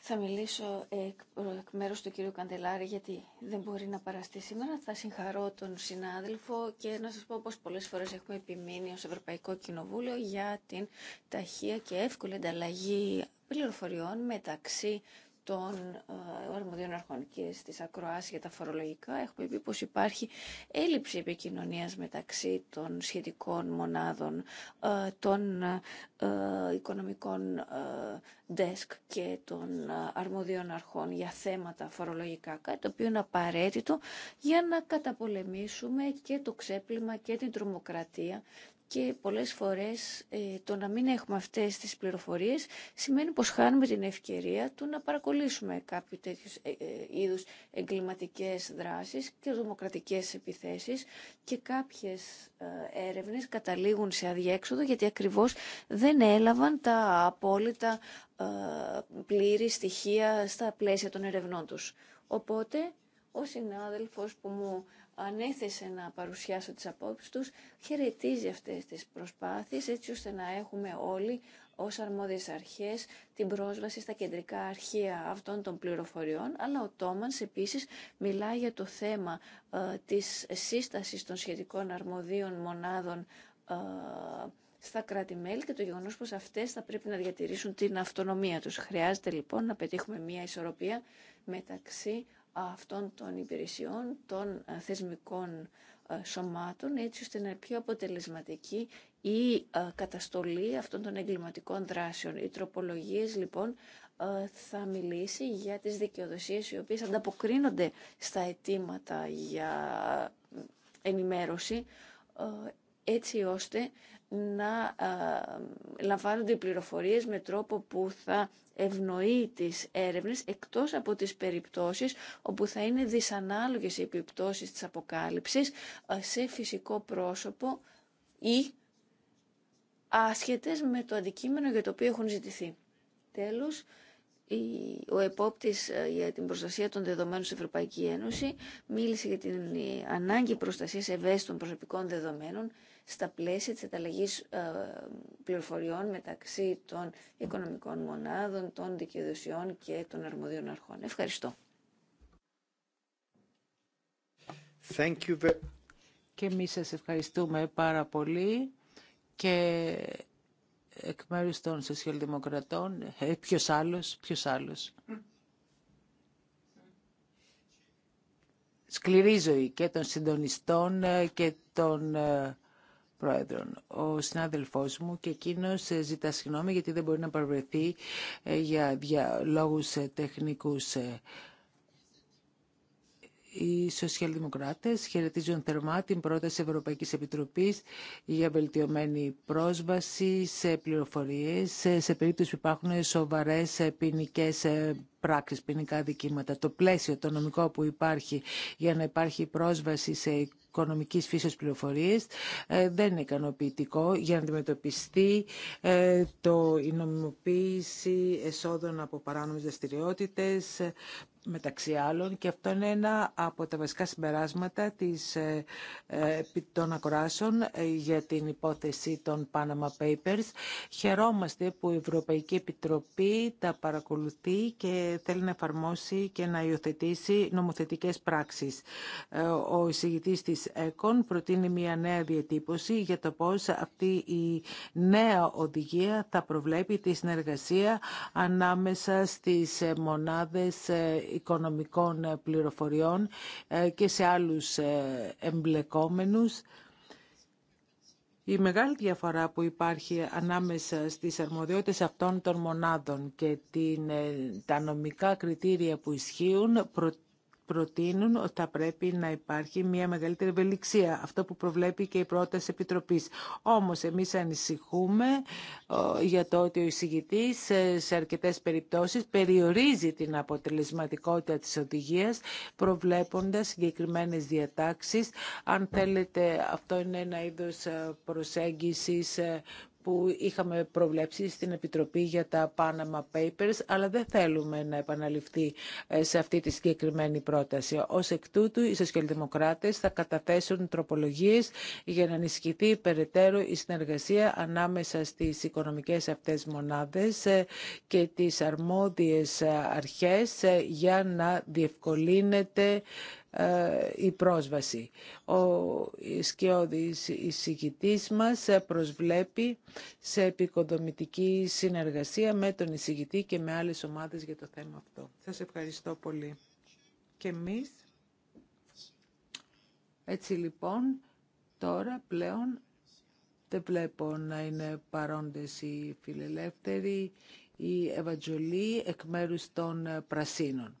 Θα μιλήσω εκ μέρους του κύριου Καντελάρη γιατί δεν μπορεί να παραστεί σήμερα. Θα συγχαρώ τον συνάδελφο και να σας πω πως πολλές φορές έχουμε επιμείνει ως Ευρωπαϊκό Κοινοβούλιο για την ταχεία και εύκολη ανταλλαγή πληροφοριών μεταξύ των ε, αρμοδίων αρχών και στις ακρόασει για τα φορολογικά έχουμε πει πω υπάρχει έλλειψη επικοινωνίας μεταξύ των σχετικών μονάδων ε, των ε, οικονομικών desk και των αρμοδίων αρχών για θέματα φορολογικά, κάτι το οποίο είναι απαραίτητο για να καταπολεμήσουμε και το ξέπλυμα και την τρομοκρατία και πολλές φορές ε, το να μην έχουμε αυτές τις πληροφορίες σημαίνει πως χάνουμε την ευκαιρία του να παρακολύσουμε κάποιου τέτοιου ε, ε, είδους εγκληματικές δράσεις και δημοκρατικές επιθέσεις και κάποιες έρευνες καταλήγουν σε αδιέξοδο γιατί ακριβώς δεν έλαβαν τα απόλυτα πλήρη στοιχεία στα πλαίσια των ερευνών τους. Οπότε, ο συνάδελφος που μου ανέθεσε να παρουσιάσω τις απόψεις τους, χαιρετίζει αυτές τις προσπάθειες έτσι ώστε να έχουμε όλοι ως αρμόδιες αρχές την πρόσβαση στα κεντρικά αρχεία αυτών των πληροφοριών, αλλά ο Τόμανς επίσης μιλάει για το θέμα ε, της σύστασης των σχετικών αρμοδίων μονάδων ε, στα κράτη-μέλη και το γεγονός πως αυτές θα πρέπει να διατηρήσουν την αυτονομία τους. Χρειάζεται λοιπόν να πετύχουμε μια ισορροπία μεταξύ αυτών των υπηρεσιών, των θεσμικών σωμάτων, έτσι ώστε να είναι πιο αποτελεσματική η καταστολή αυτών των εγκληματικών δράσεων. Οι τροπολογίες λοιπόν θα μιλήσει για τις δικαιοδοσίες οι οποίες ανταποκρίνονται στα αιτήματα για ενημέρωση έτσι ώστε να λαμβάνονται οι πληροφορίες με τρόπο που θα ευνοεί τις έρευνες εκτός από τις περιπτώσεις όπου θα είναι δυσανάλογες οι επιπτώσεις της αποκάλυψης σε φυσικό πρόσωπο ή ασχετές με το αντικείμενο για το οποίο έχουν ζητηθεί. Τέλος, ο επόπτης ε, για την προστασία των δεδομένων στην Ευρωπαϊκή Ένωση μίλησε για την ε, ανάγκη προστασίας ευαίσθητων προσωπικών δεδομένων στα πλαίσια της ανταλλαγής ε, πληροφοριών μεταξύ των οικονομικών μονάδων, των δικαιοδοσιών και των αρμοδίων αρχών. Ευχαριστώ. Και εμείς σας ευχαριστούμε πάρα πολύ και εκ μέρου των σοσιαλδημοκρατών. Ε, ποιος άλλος, ποιος άλλος. Σκληρή ζωή και των συντονιστών ε, και των ε, πρόεδρων. Ο συνάδελφός μου και εκείνο ε, ζητά συγγνώμη γιατί δεν μπορεί να παρευρεθεί για λόγους τεχνικούς. Οι σοσιαλδημοκράτε χαιρετίζουν θερμά την πρόταση Ευρωπαϊκή Επιτροπή για βελτιωμένη πρόσβαση σε πληροφορίε σε περίπτωση που υπάρχουν σοβαρέ ποινικέ ε, πράξεις, ποινικά δικήματα. Το πλαίσιο, το νομικό που υπάρχει για να υπάρχει πρόσβαση σε οικονομικής φύσεως πληροφορίες ε, δεν είναι ικανοποιητικό για να αντιμετωπιστεί ε, το, η νομιμοποίηση εσόδων από παράνομες δραστηριότητε, μεταξύ άλλων και αυτό είναι ένα από τα βασικά συμπεράσματα της, ε, ε των ε, για την υπόθεση των Panama Papers. Χαιρόμαστε που η Ευρωπαϊκή Επιτροπή τα παρακολουθεί και θέλει να εφαρμόσει και να υιοθετήσει νομοθετικές πράξεις. Ε, ο εισηγητής της ΕΚΟΝ προτείνει μια νέα διατύπωση για το πώς αυτή η νέα οδηγία θα προβλέπει τη συνεργασία ανάμεσα στις μονάδες οικονομικών ε, πληροφοριών ε, και σε άλλους ε, εμπλεκόμενους. Η μεγάλη διαφορά που υπάρχει ανάμεσα στις αρμοδιότητες αυτών των μονάδων και την, τα νομικά κριτήρια που ισχύουν προτείνουν ότι θα πρέπει να υπάρχει μια μεγαλύτερη ευελιξία, αυτό που προβλέπει και η πρόταση Επιτροπής. Όμως εμείς ανησυχούμε ε, για το ότι ο εισηγητής ε, σε αρκετές περιπτώσεις περιορίζει την αποτελεσματικότητα της οδηγίας προβλέποντας συγκεκριμένες διατάξεις. Αν θέλετε αυτό είναι ένα είδος ε, προσέγγισης που είχαμε προβλέψει στην Επιτροπή για τα Panama Papers, αλλά δεν θέλουμε να επαναληφθεί ε, σε αυτή τη συγκεκριμένη πρόταση. Ω εκ τούτου, οι σοσιαλδημοκράτες θα καταθέσουν τροπολογίε για να ενισχυθεί περαιτέρω η συνεργασία ανάμεσα στις οικονομικές αυτές μονάδες ε, και τις αρμόδιες ε, αρχές για να διευκολύνεται ε, η πρόσβαση. Ο Σκιώδης εισηγητής μας προσβλέπει σε επικοδομητική συνεργασία με τον εισηγητή και με άλλες ομάδες για το θέμα αυτό. Σας ευχαριστώ πολύ. Και εμείς, έτσι λοιπόν, τώρα πλέον δεν βλέπω να είναι παρόντες οι φιλελεύθεροι, η Ευαγγελή εκ μέρους των Πρασίνων.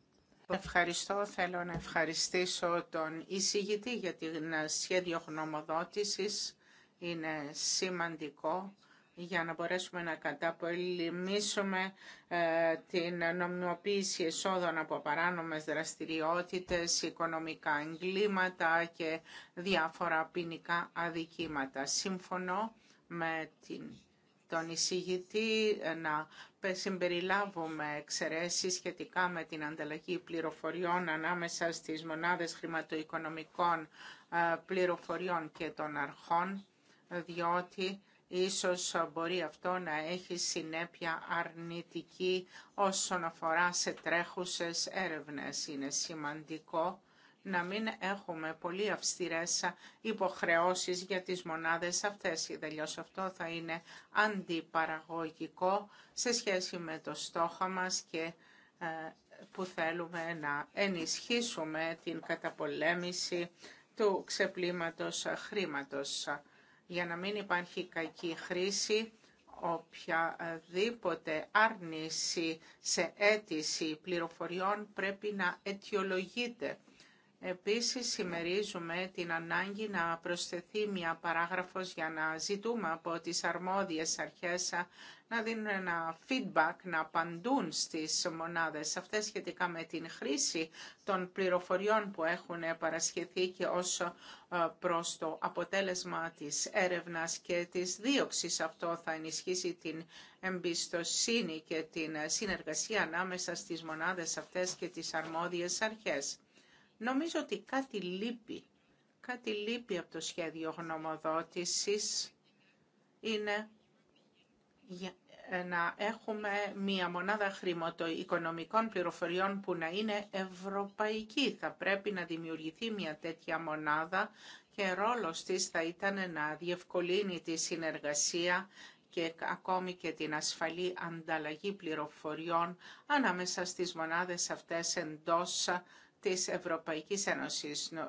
Ευχαριστώ. Θέλω να ευχαριστήσω τον εισηγητή για την ε, σχέδιο γνωμοδότησης. Είναι σημαντικό για να μπορέσουμε να καταπολεμήσουμε ε, την νομιμοποίηση εσόδων από παράνομες δραστηριότητες, οικονομικά εγκλήματα και διάφορα ποινικά αδικήματα. Σύμφωνο με την τον εισηγητή ε, να συμπεριλάβουμε εξαιρέσεις σχετικά με την ανταλλαγή πληροφοριών ανάμεσα στις μονάδες χρηματοοικονομικών ε, πληροφοριών και των αρχών, διότι ίσως μπορεί αυτό να έχει συνέπεια αρνητική όσον αφορά σε τρέχουσες έρευνες. Είναι σημαντικό να μην έχουμε πολύ αυστηρές υποχρεώσεις για τις μονάδες αυτές. Τελειώς αυτό θα είναι αντιπαραγωγικό σε σχέση με το στόχο μας και ε, που θέλουμε να ενισχύσουμε την καταπολέμηση του ξεπλήματος χρήματος για να μην υπάρχει κακή χρήση οποιαδήποτε άρνηση σε αίτηση πληροφοριών πρέπει να αιτιολογείται Επίσης, σημερίζουμε την ανάγκη να προσθεθεί μια παράγραφος για να ζητούμε από τις αρμόδιες αρχές να δίνουν ένα feedback, να απαντούν στις μονάδες αυτές σχετικά με την χρήση των πληροφοριών που έχουν παρασχεθεί και ως ε, προς το αποτέλεσμα της έρευνας και της δίωξης. Αυτό θα ενισχύσει την εμπιστοσύνη και την συνεργασία ανάμεσα στις μονάδες αυτές και τις αρμόδιες αρχές. Νομίζω ότι κάτι λείπει. Κάτι λείπει από το σχέδιο γνωμοδότησης είναι ε, να έχουμε μία μονάδα χρηματοοικονομικών πληροφοριών που να είναι ευρωπαϊκή. Θα πρέπει να δημιουργηθεί μία τέτοια μονάδα και ρόλος της θα ήταν να διευκολύνει τη συνεργασία και ακόμη και την ασφαλή ανταλλαγή πληροφοριών ανάμεσα στις μονάδες αυτές εντός της Ευρωπαϊκής Ένωσης. Ε,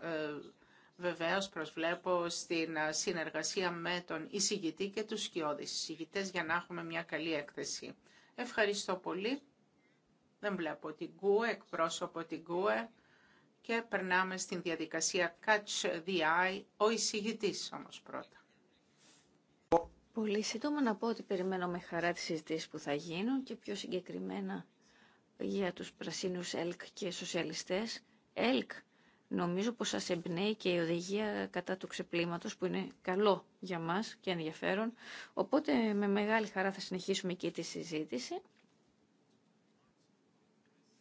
βεβαίως προσβλέπω στην ε, συνεργασία με τον εισηγητή και τους σκιώδεις εισηγητές για να έχουμε μια καλή έκθεση. Ευχαριστώ πολύ. Δεν βλέπω την ΚΟΕ, εκπρόσωπο την ΚΟΕ και περνάμε στην διαδικασία Catch the Eye, ο εισηγητής όμως πρώτα. Πολύ σύντομα να πω ότι περιμένω με χαρά τις συζητήσεις που θα γίνουν και πιο συγκεκριμένα για τους πρασίνους ΕΛΚ και σοσιαλιστές. ΕΛΚ, νομίζω πως σας εμπνέει και η οδηγία κατά του ξεπλήματος που είναι καλό για μας και ενδιαφέρον. Οπότε με μεγάλη χαρά θα συνεχίσουμε και τη συζήτηση.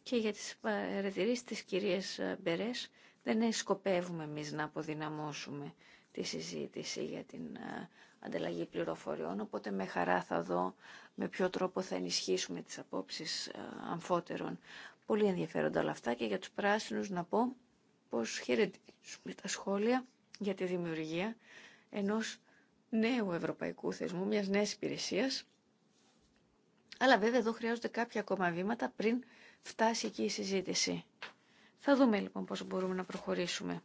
Και για τις παρατηρήσεις της κυρίας Μπερές δεν σκοπεύουμε εμεί να αποδυναμώσουμε τη συζήτηση για την ανταλλαγή πληροφοριών, οπότε με χαρά θα δω με ποιο τρόπο θα ενισχύσουμε τις απόψεις ε, αμφότερων. Πολύ ενδιαφέροντα όλα αυτά και για τους πράσινους να πω πως χαιρετίζουμε τα σχόλια για τη δημιουργία ενός νέου ευρωπαϊκού θεσμού, μιας νέας υπηρεσίας. Αλλά βέβαια εδώ χρειάζονται κάποια ακόμα βήματα πριν φτάσει εκεί η συζήτηση. Θα δούμε λοιπόν πώς μπορούμε να προχωρήσουμε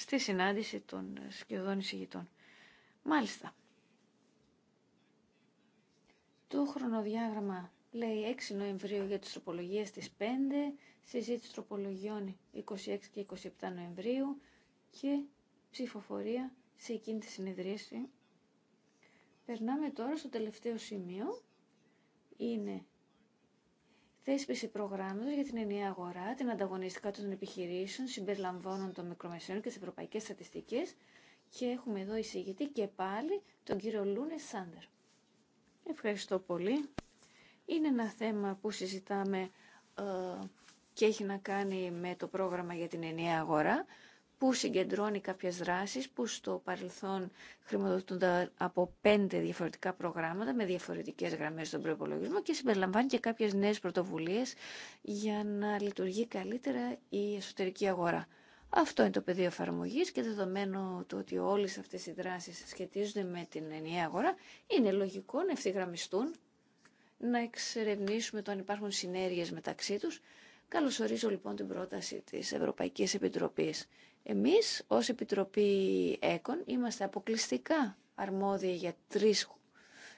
στη συνάντηση των ε, σχεδόν εισηγητών. Μάλιστα. Το χρονοδιάγραμμα λέει 6 Νοεμβρίου για τις τροπολογίες της 5, συζήτηση τροπολογιών 26 και 27 Νοεμβρίου και ψηφοφορία σε εκείνη τη συνεδρίαση. Περνάμε τώρα στο τελευταίο σημείο. Είναι Θέσπιση προγράμματο για την ενιαία αγορά, την ανταγωνιστικά των επιχειρήσεων, συμπεριλαμβάνων των μικρομεσαίων και τι ευρωπαϊκέ στατιστικέ. Και έχουμε εδώ εισηγητή και πάλι τον κύριο Λούνε Σάντερ. Ευχαριστώ πολύ. Είναι ένα θέμα που συζητάμε ε, και έχει να κάνει με το πρόγραμμα για την ενιαία αγορά που συγκεντρώνει κάποιες δράσεις που στο παρελθόν χρηματοδοτούνται από πέντε διαφορετικά προγράμματα με διαφορετικές γραμμές στον προπολογισμό και συμπεριλαμβάνει και κάποιες νέες πρωτοβουλίες για να λειτουργεί καλύτερα η εσωτερική αγορά. Αυτό είναι το πεδίο εφαρμογή και δεδομένου το ότι όλε αυτέ οι δράσει σχετίζονται με την ενιαία αγορά, είναι λογικό να ευθυγραμμιστούν, να εξερευνήσουμε το αν υπάρχουν συνέργειε μεταξύ του. Καλωσορίζω λοιπόν την πρόταση τη Ευρωπαϊκή Επιτροπή εμείς ως Επιτροπή ΕΚΟΝ είμαστε αποκλειστικά αρμόδιοι για τρεις,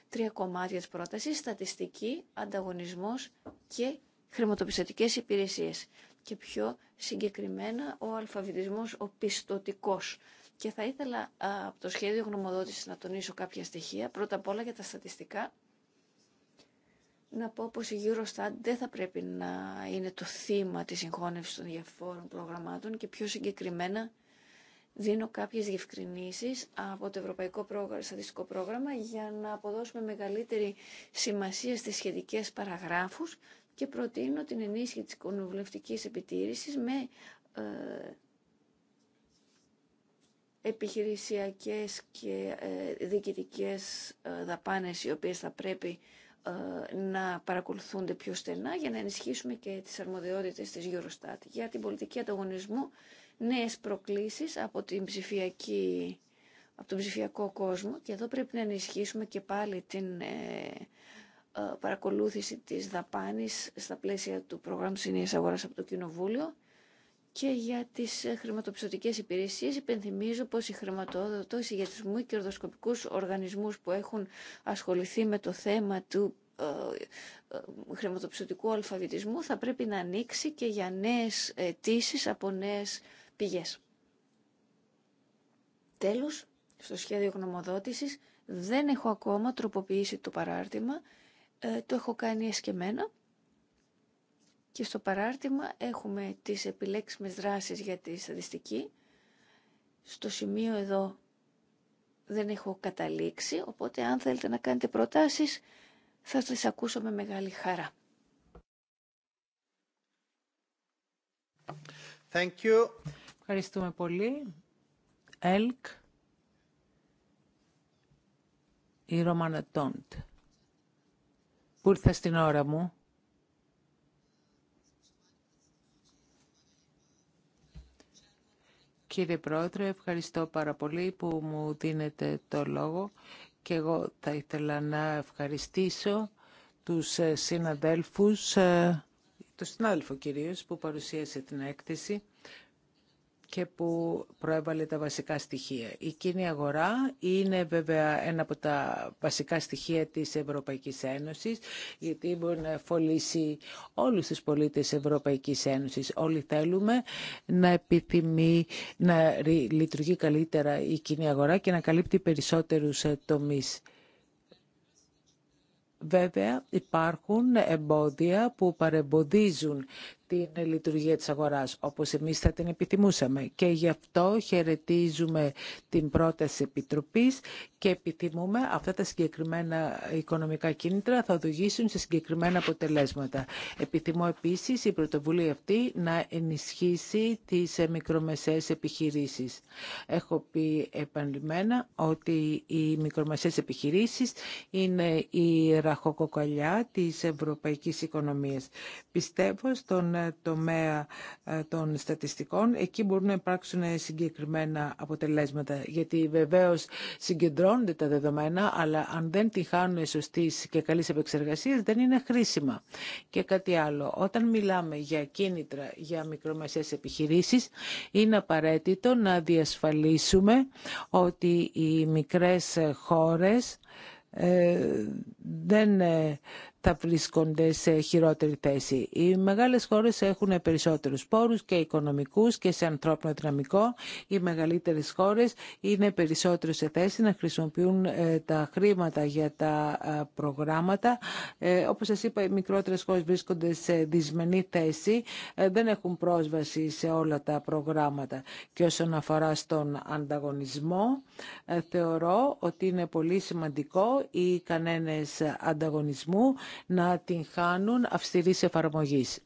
τρία κομμάτια της πρότασης, στατιστική, ανταγωνισμός και χρηματοπιστωτικές υπηρεσίες. Και πιο συγκεκριμένα ο αλφαβητισμός, ο πιστοτικός. Και θα ήθελα από το σχέδιο γνωμοδότησης να τονίσω κάποια στοιχεία. Πρώτα απ' όλα για τα στατιστικά να πω πως η Eurostat δεν θα πρέπει να είναι το θύμα της συγχώνευσης των διαφόρων προγραμμάτων και πιο συγκεκριμένα δίνω κάποιες διευκρινήσεις από το Ευρωπαϊκό Στατιστικό Πρόγραμμα για να αποδώσουμε μεγαλύτερη σημασία στις σχετικές παραγράφους και προτείνω την ενίσχυση της κοινοβουλευτικής επιτήρησης με ε, επιχειρησιακές και ε, διοικητικές ε, δαπάνες οι οποίες θα πρέπει ε, να παρακολουθούνται πιο στενά για να ενισχύσουμε και τις αρμοδιότητες της Eurostat. Για την πολιτική ανταγωνισμού, νέες προκλήσεις από, την από τον ψηφιακό κόσμο και εδώ πρέπει να ενισχύσουμε και πάλι την ε, ε, παρακολούθηση της δαπάνης στα πλαίσια του προγράμματος Συνήθειας Αγοράς από το Κοινοβούλιο και για τις ε, χρηματοπιστωτικές υπηρεσίες υπενθυμίζω πως η χρηματοδότηση για τους μη οργανισμούς που έχουν ασχοληθεί με το θέμα του ε, ε, χρηματοπιστωτικού αλφαβητισμού θα πρέπει να ανοίξει και για νέες αιτήσει από νέες πηγές. Τέλος, στο σχέδιο γνωμοδότησης δεν έχω ακόμα τροποποιήσει το παράρτημα, το έχω κάνει εσκεμένα και στο παράρτημα έχουμε τις επιλέξιμες δράσεις για τη στατιστική. Στο σημείο εδώ δεν έχω καταλήξει, οπότε αν θέλετε να κάνετε προτάσεις θα σας ακούσω με μεγάλη χαρά. Thank you. Ευχαριστούμε πολύ. ΕΛΚ. Η Ρωμανατόντ. Που ήρθα στην ώρα μου. Κύριε Πρόεδρε, ευχαριστώ πάρα πολύ που μου δίνετε το λόγο και εγώ θα ήθελα να ευχαριστήσω τους ε, συναδέλφους, ε, τον συνάδελφο κυρίως που παρουσίασε την έκθεση και που προέβαλε τα βασικά στοιχεία. Η κοινή αγορά είναι βέβαια ένα από τα βασικά στοιχεία της Ευρωπαϊκής Ένωσης, γιατί μπορεί να φωλήσει όλους τους πολίτες της Ευρωπαϊκής Ένωσης. Όλοι θέλουμε να επιθυμεί να λειτουργεί καλύτερα η κοινή αγορά και να καλύπτει περισσότερους ε, τομείς. Βέβαια υπάρχουν εμπόδια που παρεμποδίζουν την λειτουργία της αγοράς, όπως εμείς θα την επιθυμούσαμε. Και γι' αυτό χαιρετίζουμε την πρόταση Επιτροπής και επιθυμούμε αυτά τα συγκεκριμένα οικονομικά κίνητρα θα οδηγήσουν σε συγκεκριμένα αποτελέσματα. Επιθυμώ επίσης η πρωτοβουλία αυτή να ενισχύσει τις μικρομεσαίες επιχειρήσεις. Έχω πει επανειλημμένα ότι οι μικρομεσαίες επιχειρήσεις είναι η ραχοκοκαλιά της ευρωπαϊκής οικονομίας. Πιστεύω στον τομέα ε, των στατιστικών. Εκεί μπορούν να υπάρξουν συγκεκριμένα αποτελέσματα. Γιατί βεβαίω συγκεντρώνονται τα δεδομένα, αλλά αν δεν τυχάνουν χάνουν σωστή και καλή επεξεργασία, δεν είναι χρήσιμα. Και κάτι άλλο. Όταν μιλάμε για κίνητρα για μικρομεσαίες επιχειρήσεις, είναι απαραίτητο να διασφαλίσουμε ότι οι μικρές χώρες ε, δεν ε, θα βρίσκονται σε χειρότερη θέση. Οι μεγάλες χώρες έχουν περισσότερους πόρους και οικονομικούς και σε ανθρώπινο δυναμικό. Οι μεγαλύτερες χώρες είναι περισσότερο σε θέση να χρησιμοποιούν ε, τα χρήματα για τα ε, προγράμματα. Ε, όπως σας είπα, οι μικρότερες χώρες βρίσκονται σε δυσμενή θέση. Δεν έχουν πρόσβαση σε όλα τα προγράμματα. Και όσον αφορά στον ανταγωνισμό, θεωρώ ότι είναι πολύ σημαντικό οι κανένες ανταγωνισμού να την χάνουν αυστηρής εφαρμογής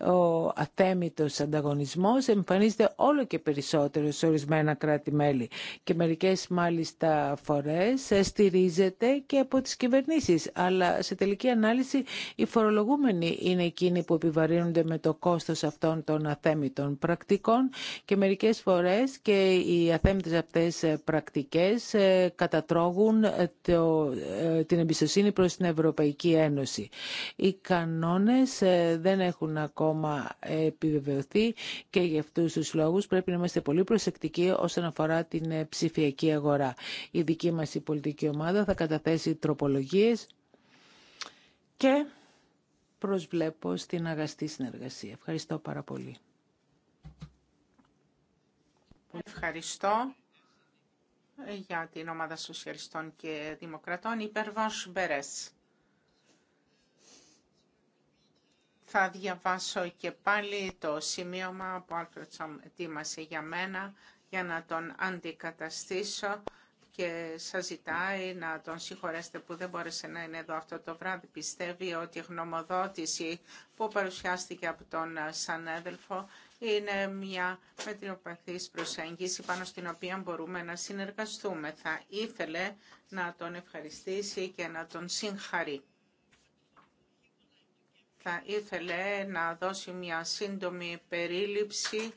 ο αθέμητος ανταγωνισμός εμφανίζεται όλο και περισσότερο σε ορισμένα κράτη-μέλη και μερικές μάλιστα φορές στηρίζεται και από τις κυβερνήσεις αλλά σε τελική ανάλυση οι φορολογούμενοι είναι εκείνοι που επιβαρύνονται με το κόστος αυτών των αθέμητων πρακτικών και μερικές φορές και οι αθέμητες αυτές πρακτικές ε, κατατρώγουν ε, ε, την εμπιστοσύνη προς την Ευρωπαϊκή Ένωση. Οι κανόνες δεν έχουν ακόμα ακόμα επιβεβαιωθεί και για αυτούς τους λόγους πρέπει να είμαστε πολύ προσεκτικοί όσον αφορά την ε, ψηφιακή αγορά. Η δική μας η πολιτική ομάδα θα καταθέσει τροπολογίες και προσβλέπω στην αγαστή συνεργασία. Ευχαριστώ πάρα πολύ. Ευχαριστώ ε, για την ομάδα Σοσιαλιστών και Δημοκρατών, υπερβάσου Μπερές. Θα διαβάσω και πάλι το σημείωμα που Άλφρετσον ετοίμασε για μένα για να τον αντικαταστήσω και σας ζητάει να τον συγχωρέσετε που δεν μπόρεσε να είναι εδώ αυτό το βράδυ. Πιστεύει ότι η γνωμοδότηση που παρουσιάστηκε από τον σαν Σανέδελφο είναι μια μετριοπαθής προσέγγιση πάνω στην οποία μπορούμε να συνεργαστούμε. Θα ήθελε να τον ευχαριστήσει και να τον συγχαρεί θα ήθελε να δώσει μια σύντομη περίληψη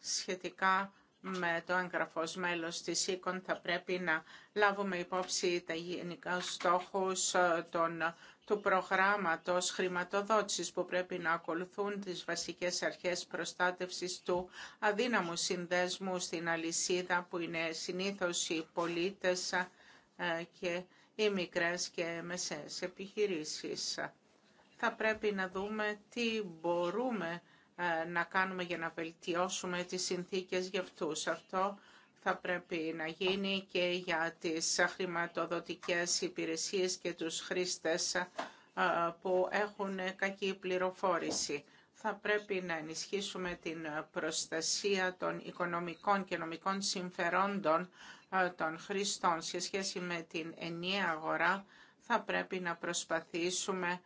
σχετικά με το έγγραφο μέλος της ΕΚΟΝ θα πρέπει να λάβουμε υπόψη τα γενικά στόχους ε, των, του προγράμματος χρηματοδότησης που πρέπει να ακολουθούν τις βασικές αρχές προστάτευσης του αδύναμου συνδέσμου στην αλυσίδα που είναι συνήθως οι πολίτες ε, και οι μικρές και μεσαίες επιχειρήσεις θα πρέπει να δούμε τι μπορούμε ε, να κάνουμε για να βελτιώσουμε τις συνθήκες για αυτούς. Αυτό θα πρέπει να γίνει και για τις χρηματοδοτικές υπηρεσίες και τους χρήστες ε, που έχουν κακή πληροφόρηση. Θα πρέπει να ενισχύσουμε την προστασία των οικονομικών και νομικών συμφερόντων ε, των χρηστών. Σε σχέση με την ενιαία αγορά θα πρέπει να προσπαθήσουμε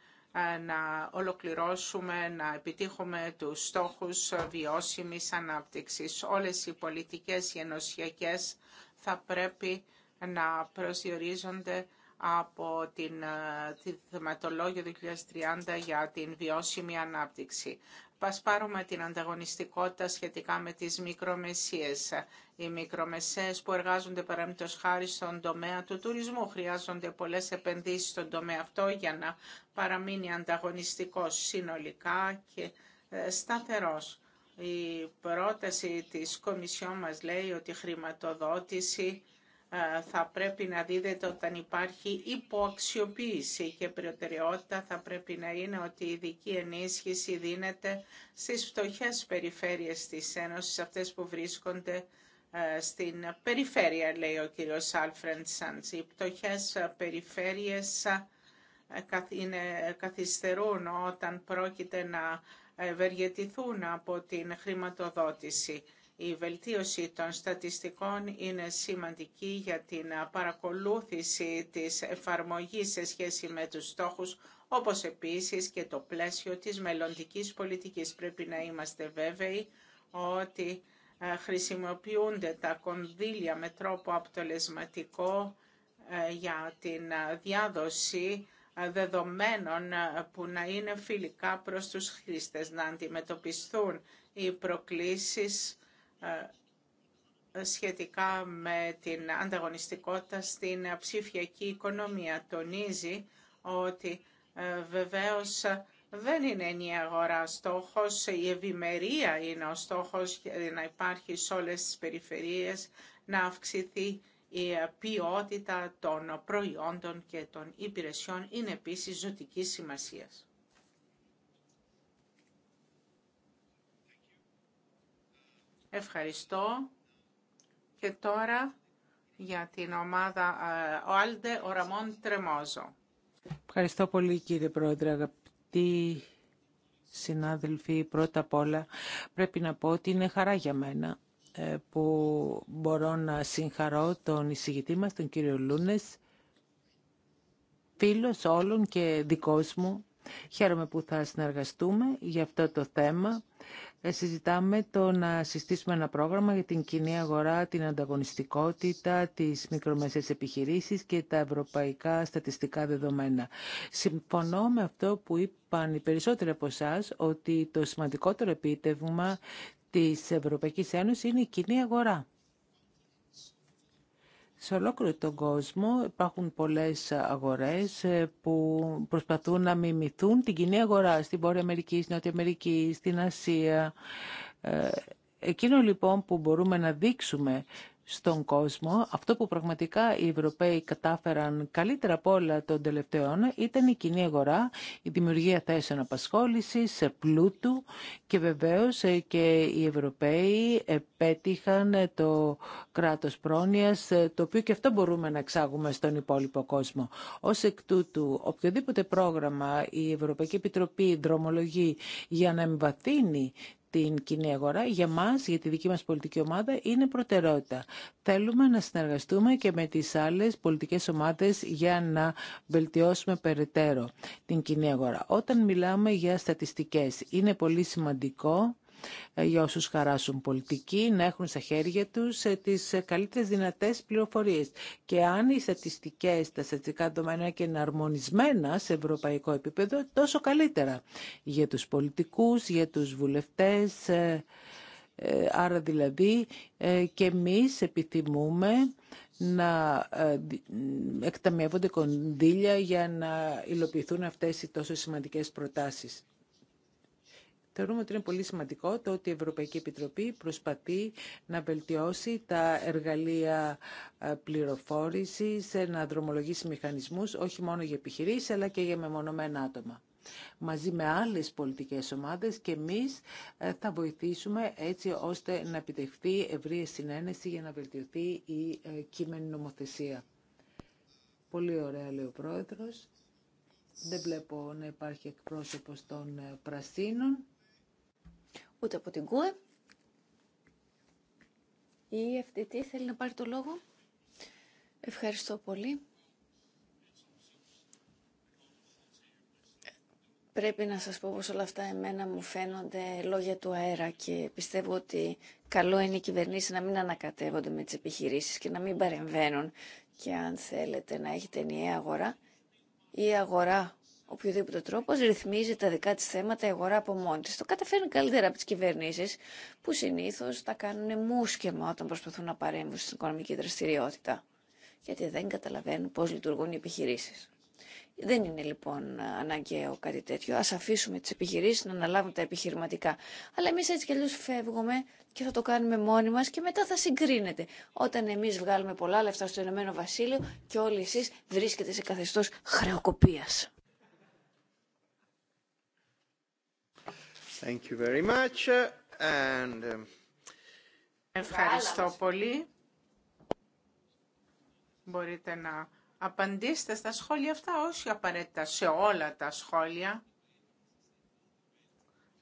να ολοκληρώσουμε, να επιτύχουμε τους στόχους βιώσιμης ανάπτυξης. Όλες οι πολιτικές γενοσιακές θα πρέπει να προσδιορίζονται από την, ε, τη θεματολόγιο 2030 για την βιώσιμη ανάπτυξη. Πας πάρουμε την ανταγωνιστικότητα σχετικά με τις μικρομεσίες. Οι μικρομεσαίες που εργάζονται παραμύτως χάρη στον τομέα του τουρισμού χρειάζονται πολλές επενδύσεις στον τομέα αυτό για να παραμείνει ανταγωνιστικός συνολικά και ε, σταθερός. Η πρόταση της Κομισιόν μας λέει ότι χρηματοδότηση ε, θα πρέπει να δίδεται όταν υπάρχει υποαξιοποίηση και προτεραιότητα θα πρέπει να είναι ότι η ειδική ενίσχυση δίνεται στις φτωχές περιφέρειες της Ένωσης, αυτές που βρίσκονται ε, στην περιφέρεια, λέει ο κύριος Άλφρεντ Σάντς. Οι φτωχές περιφέρειες ε, είναι, καθυστερούν όταν πρόκειται να ευεργετηθούν από την χρηματοδότηση. Η βελτίωση των στατιστικών είναι σημαντική για την παρακολούθηση της εφαρμογής σε σχέση με τους στόχους, όπως επίσης και το πλαίσιο της μελλοντικής πολιτικής. Πρέπει να είμαστε βέβαιοι ότι ε, χρησιμοποιούνται τα κονδύλια με τρόπο αποτελεσματικό ε, για την ε, διάδοση δεδομένων που να είναι φιλικά προς τους χρήστες, να αντιμετωπιστούν οι προκλήσεις ε, ε, σχετικά με την ανταγωνιστικότητα στην ψηφιακή οικονομία. Τονίζει ότι ε, βεβαίως δεν είναι η αγορά στόχος, η ευημερία είναι ο στόχος να υπάρχει σε όλες τις περιφερειές, να αυξηθεί η ποιότητα των προϊόντων και των υπηρεσιών είναι επίσης ζωτικής σημασίας. Ευχαριστώ. Και τώρα για την ομάδα ΟΑΛΔΕ, ο Ραμόν Τρεμόζο. Ευχαριστώ πολύ κύριε Πρόεδρε, αγαπητοί συνάδελφοι. Πρώτα απ' όλα πρέπει να πω ότι είναι χαρά για μένα ε, που μπορώ να συγχαρώ τον εισηγητή μας, τον κύριο Λούνες, φίλος όλων και δικός μου. Χαίρομαι που θα συνεργαστούμε για αυτό το θέμα. Ε, συζητάμε το να συστήσουμε ένα πρόγραμμα για την κοινή αγορά, την ανταγωνιστικότητα, τις μικρομεσαίες επιχειρήσεις και τα ευρωπαϊκά στατιστικά δεδομένα. Συμφωνώ με αυτό που είπαν οι περισσότεροι από εσά ότι το σημαντικότερο επίτευγμα της Ευρωπαϊκής Ένωσης είναι η κοινή αγορά. Σε ολόκληρο τον κόσμο υπάρχουν πολλές αγορές ε, που προσπαθούν να μιμηθούν την κοινή αγορά στην Βόρεια Αμερική, στην Νότια Αμερική, στην Ασία. Ε, εκείνο λοιπόν που μπορούμε να δείξουμε στον κόσμο, αυτό που πραγματικά οι Ευρωπαίοι κατάφεραν καλύτερα από όλα των τελευταίων ήταν η κοινή αγορά, η δημιουργία θέσεων απασχόληση πλούτου και βεβαίω ε, και οι Ευρωπαίοι επέτυχαν ε, το κράτος πρόνοια, ε, το οποίο και αυτό μπορούμε να εξάγουμε στον υπόλοιπο κόσμο. Ω εκ τούτου, οποιοδήποτε πρόγραμμα η Ευρωπαϊκή Επιτροπή δρομολογεί για να εμβαθύνει την κοινή αγορά, για μας, για τη δική μας πολιτική ομάδα, είναι προτεραιότητα. Θέλουμε να συνεργαστούμε και με τις άλλες πολιτικές ομάδες για να βελτιώσουμε περαιτέρω την κοινή αγορά. Όταν μιλάμε για στατιστικές, είναι πολύ σημαντικό ε, για όσους χαράσουν πολιτική να έχουν στα χέρια τους ε, τις ε, καλύτερες δυνατές πληροφορίες. Και αν οι στατιστικές, τα στατιστικά δομένα και είναι αρμονισμένα σε ευρωπαϊκό επίπεδο, τόσο καλύτερα για τους πολιτικούς, για τους βουλευτές. Άρα δηλαδή και εμείς επιθυμούμε να εκταμιεύονται κονδύλια για να υλοποιηθούν αυτές οι τόσο σημαντικές προτάσεις. Θεωρούμε ότι είναι πολύ σημαντικό το ότι η Ευρωπαϊκή Επιτροπή προσπαθεί να βελτιώσει τα εργαλεία ε, πληροφόρησης, ε, να δρομολογήσει μηχανισμούς όχι μόνο για επιχειρήσεις αλλά και για μεμονωμένα άτομα μαζί με άλλες πολιτικές ομάδες και εμείς ε, θα βοηθήσουμε έτσι ώστε να επιτευχθεί ευρία συνένεση για να βελτιωθεί η κείμενη νομοθεσία. Πολύ ωραία λέει ο Πρόεδρος. Δεν βλέπω να υπάρχει εκπρόσωπος των Πρασίνων ούτε από την ΚΟΕ. Η FTT θέλει να πάρει το λόγο. Ευχαριστώ πολύ. Πρέπει να σας πω πως όλα αυτά εμένα μου φαίνονται λόγια του αέρα και πιστεύω ότι καλό είναι οι κυβερνήσεις να μην ανακατεύονται με τις επιχειρήσεις και να μην παρεμβαίνουν. Και αν θέλετε να έχετε ενιαία αγορά, η αγορά οποιοδήποτε τρόπο ρυθμίζει τα δικά τη θέματα η αγορά από μόνη τη. Το καταφέρνει καλύτερα από τι κυβερνήσει, που συνήθω τα κάνουν μουσκεμα όταν προσπαθούν να παρέμβουν στην οικονομική δραστηριότητα. Γιατί δεν καταλαβαίνουν πώ λειτουργούν οι επιχειρήσει. Δεν είναι λοιπόν αναγκαίο κάτι τέτοιο. Α αφήσουμε τι επιχειρήσει να αναλάβουν τα επιχειρηματικά. Αλλά εμεί έτσι κι αλλιώ φεύγουμε και θα το κάνουμε μόνοι μα και μετά θα συγκρίνεται. Όταν εμεί βγάλουμε πολλά λεφτά στο Ηνωμένο Βασίλειο και όλοι εσεί βρίσκετε σε καθεστώ χρεοκοπία. Um, Ευχαριστώ πολύ. Μπορείτε να απαντήσετε στα σχόλια αυτά, όχι απαραίτητα σε όλα τα σχόλια.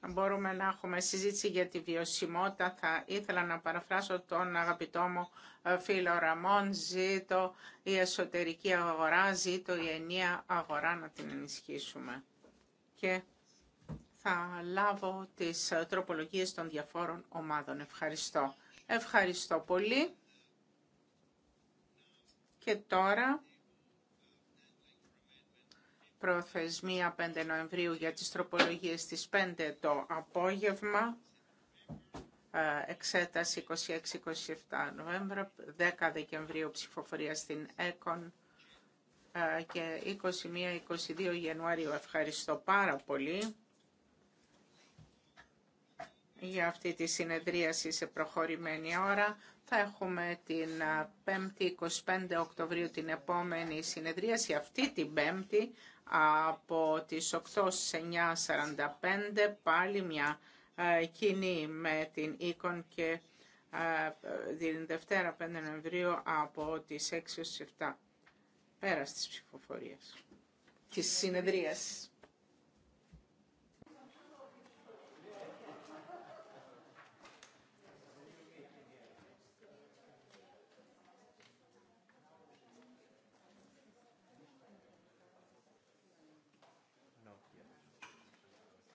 μπορούμε να έχουμε συζήτηση για τη βιωσιμότητα, θα ήθελα να παραφράσω τον αγαπητό μου ε, φίλο Ραμόν, ζήτω η εσωτερική αγορά, ζήτω η ενία αγορά να την ενισχύσουμε. Και θα λάβω τις ε, τροπολογίες των διαφόρων ομάδων. Ευχαριστώ. Ευχαριστώ πολύ. Και τώρα προθεσμία 5 Νοεμβρίου για τις τροπολογίες στις 5 το απόγευμα, ε, εξέταση 26-27 Νοέμβρη, 10 Δεκεμβρίου ψηφοφορία στην ΕΚΟΝ ε, και 21-22 Ιανουαρίου. Ευχαριστώ πάρα πολύ για αυτή τη συνεδρίαση σε προχωρημένη ώρα. Θα έχουμε την 5η 25 Οκτωβρίου την επόμενη συνεδρίαση, αυτή την 5η από τις 8 σε 9.45 πάλι μια κοινή με την Econ και την Δευτέρα 5 Νοεμβρίου από τις 6 ως 7 πέρα της ψηφοφορίας, της συνεδρίασης.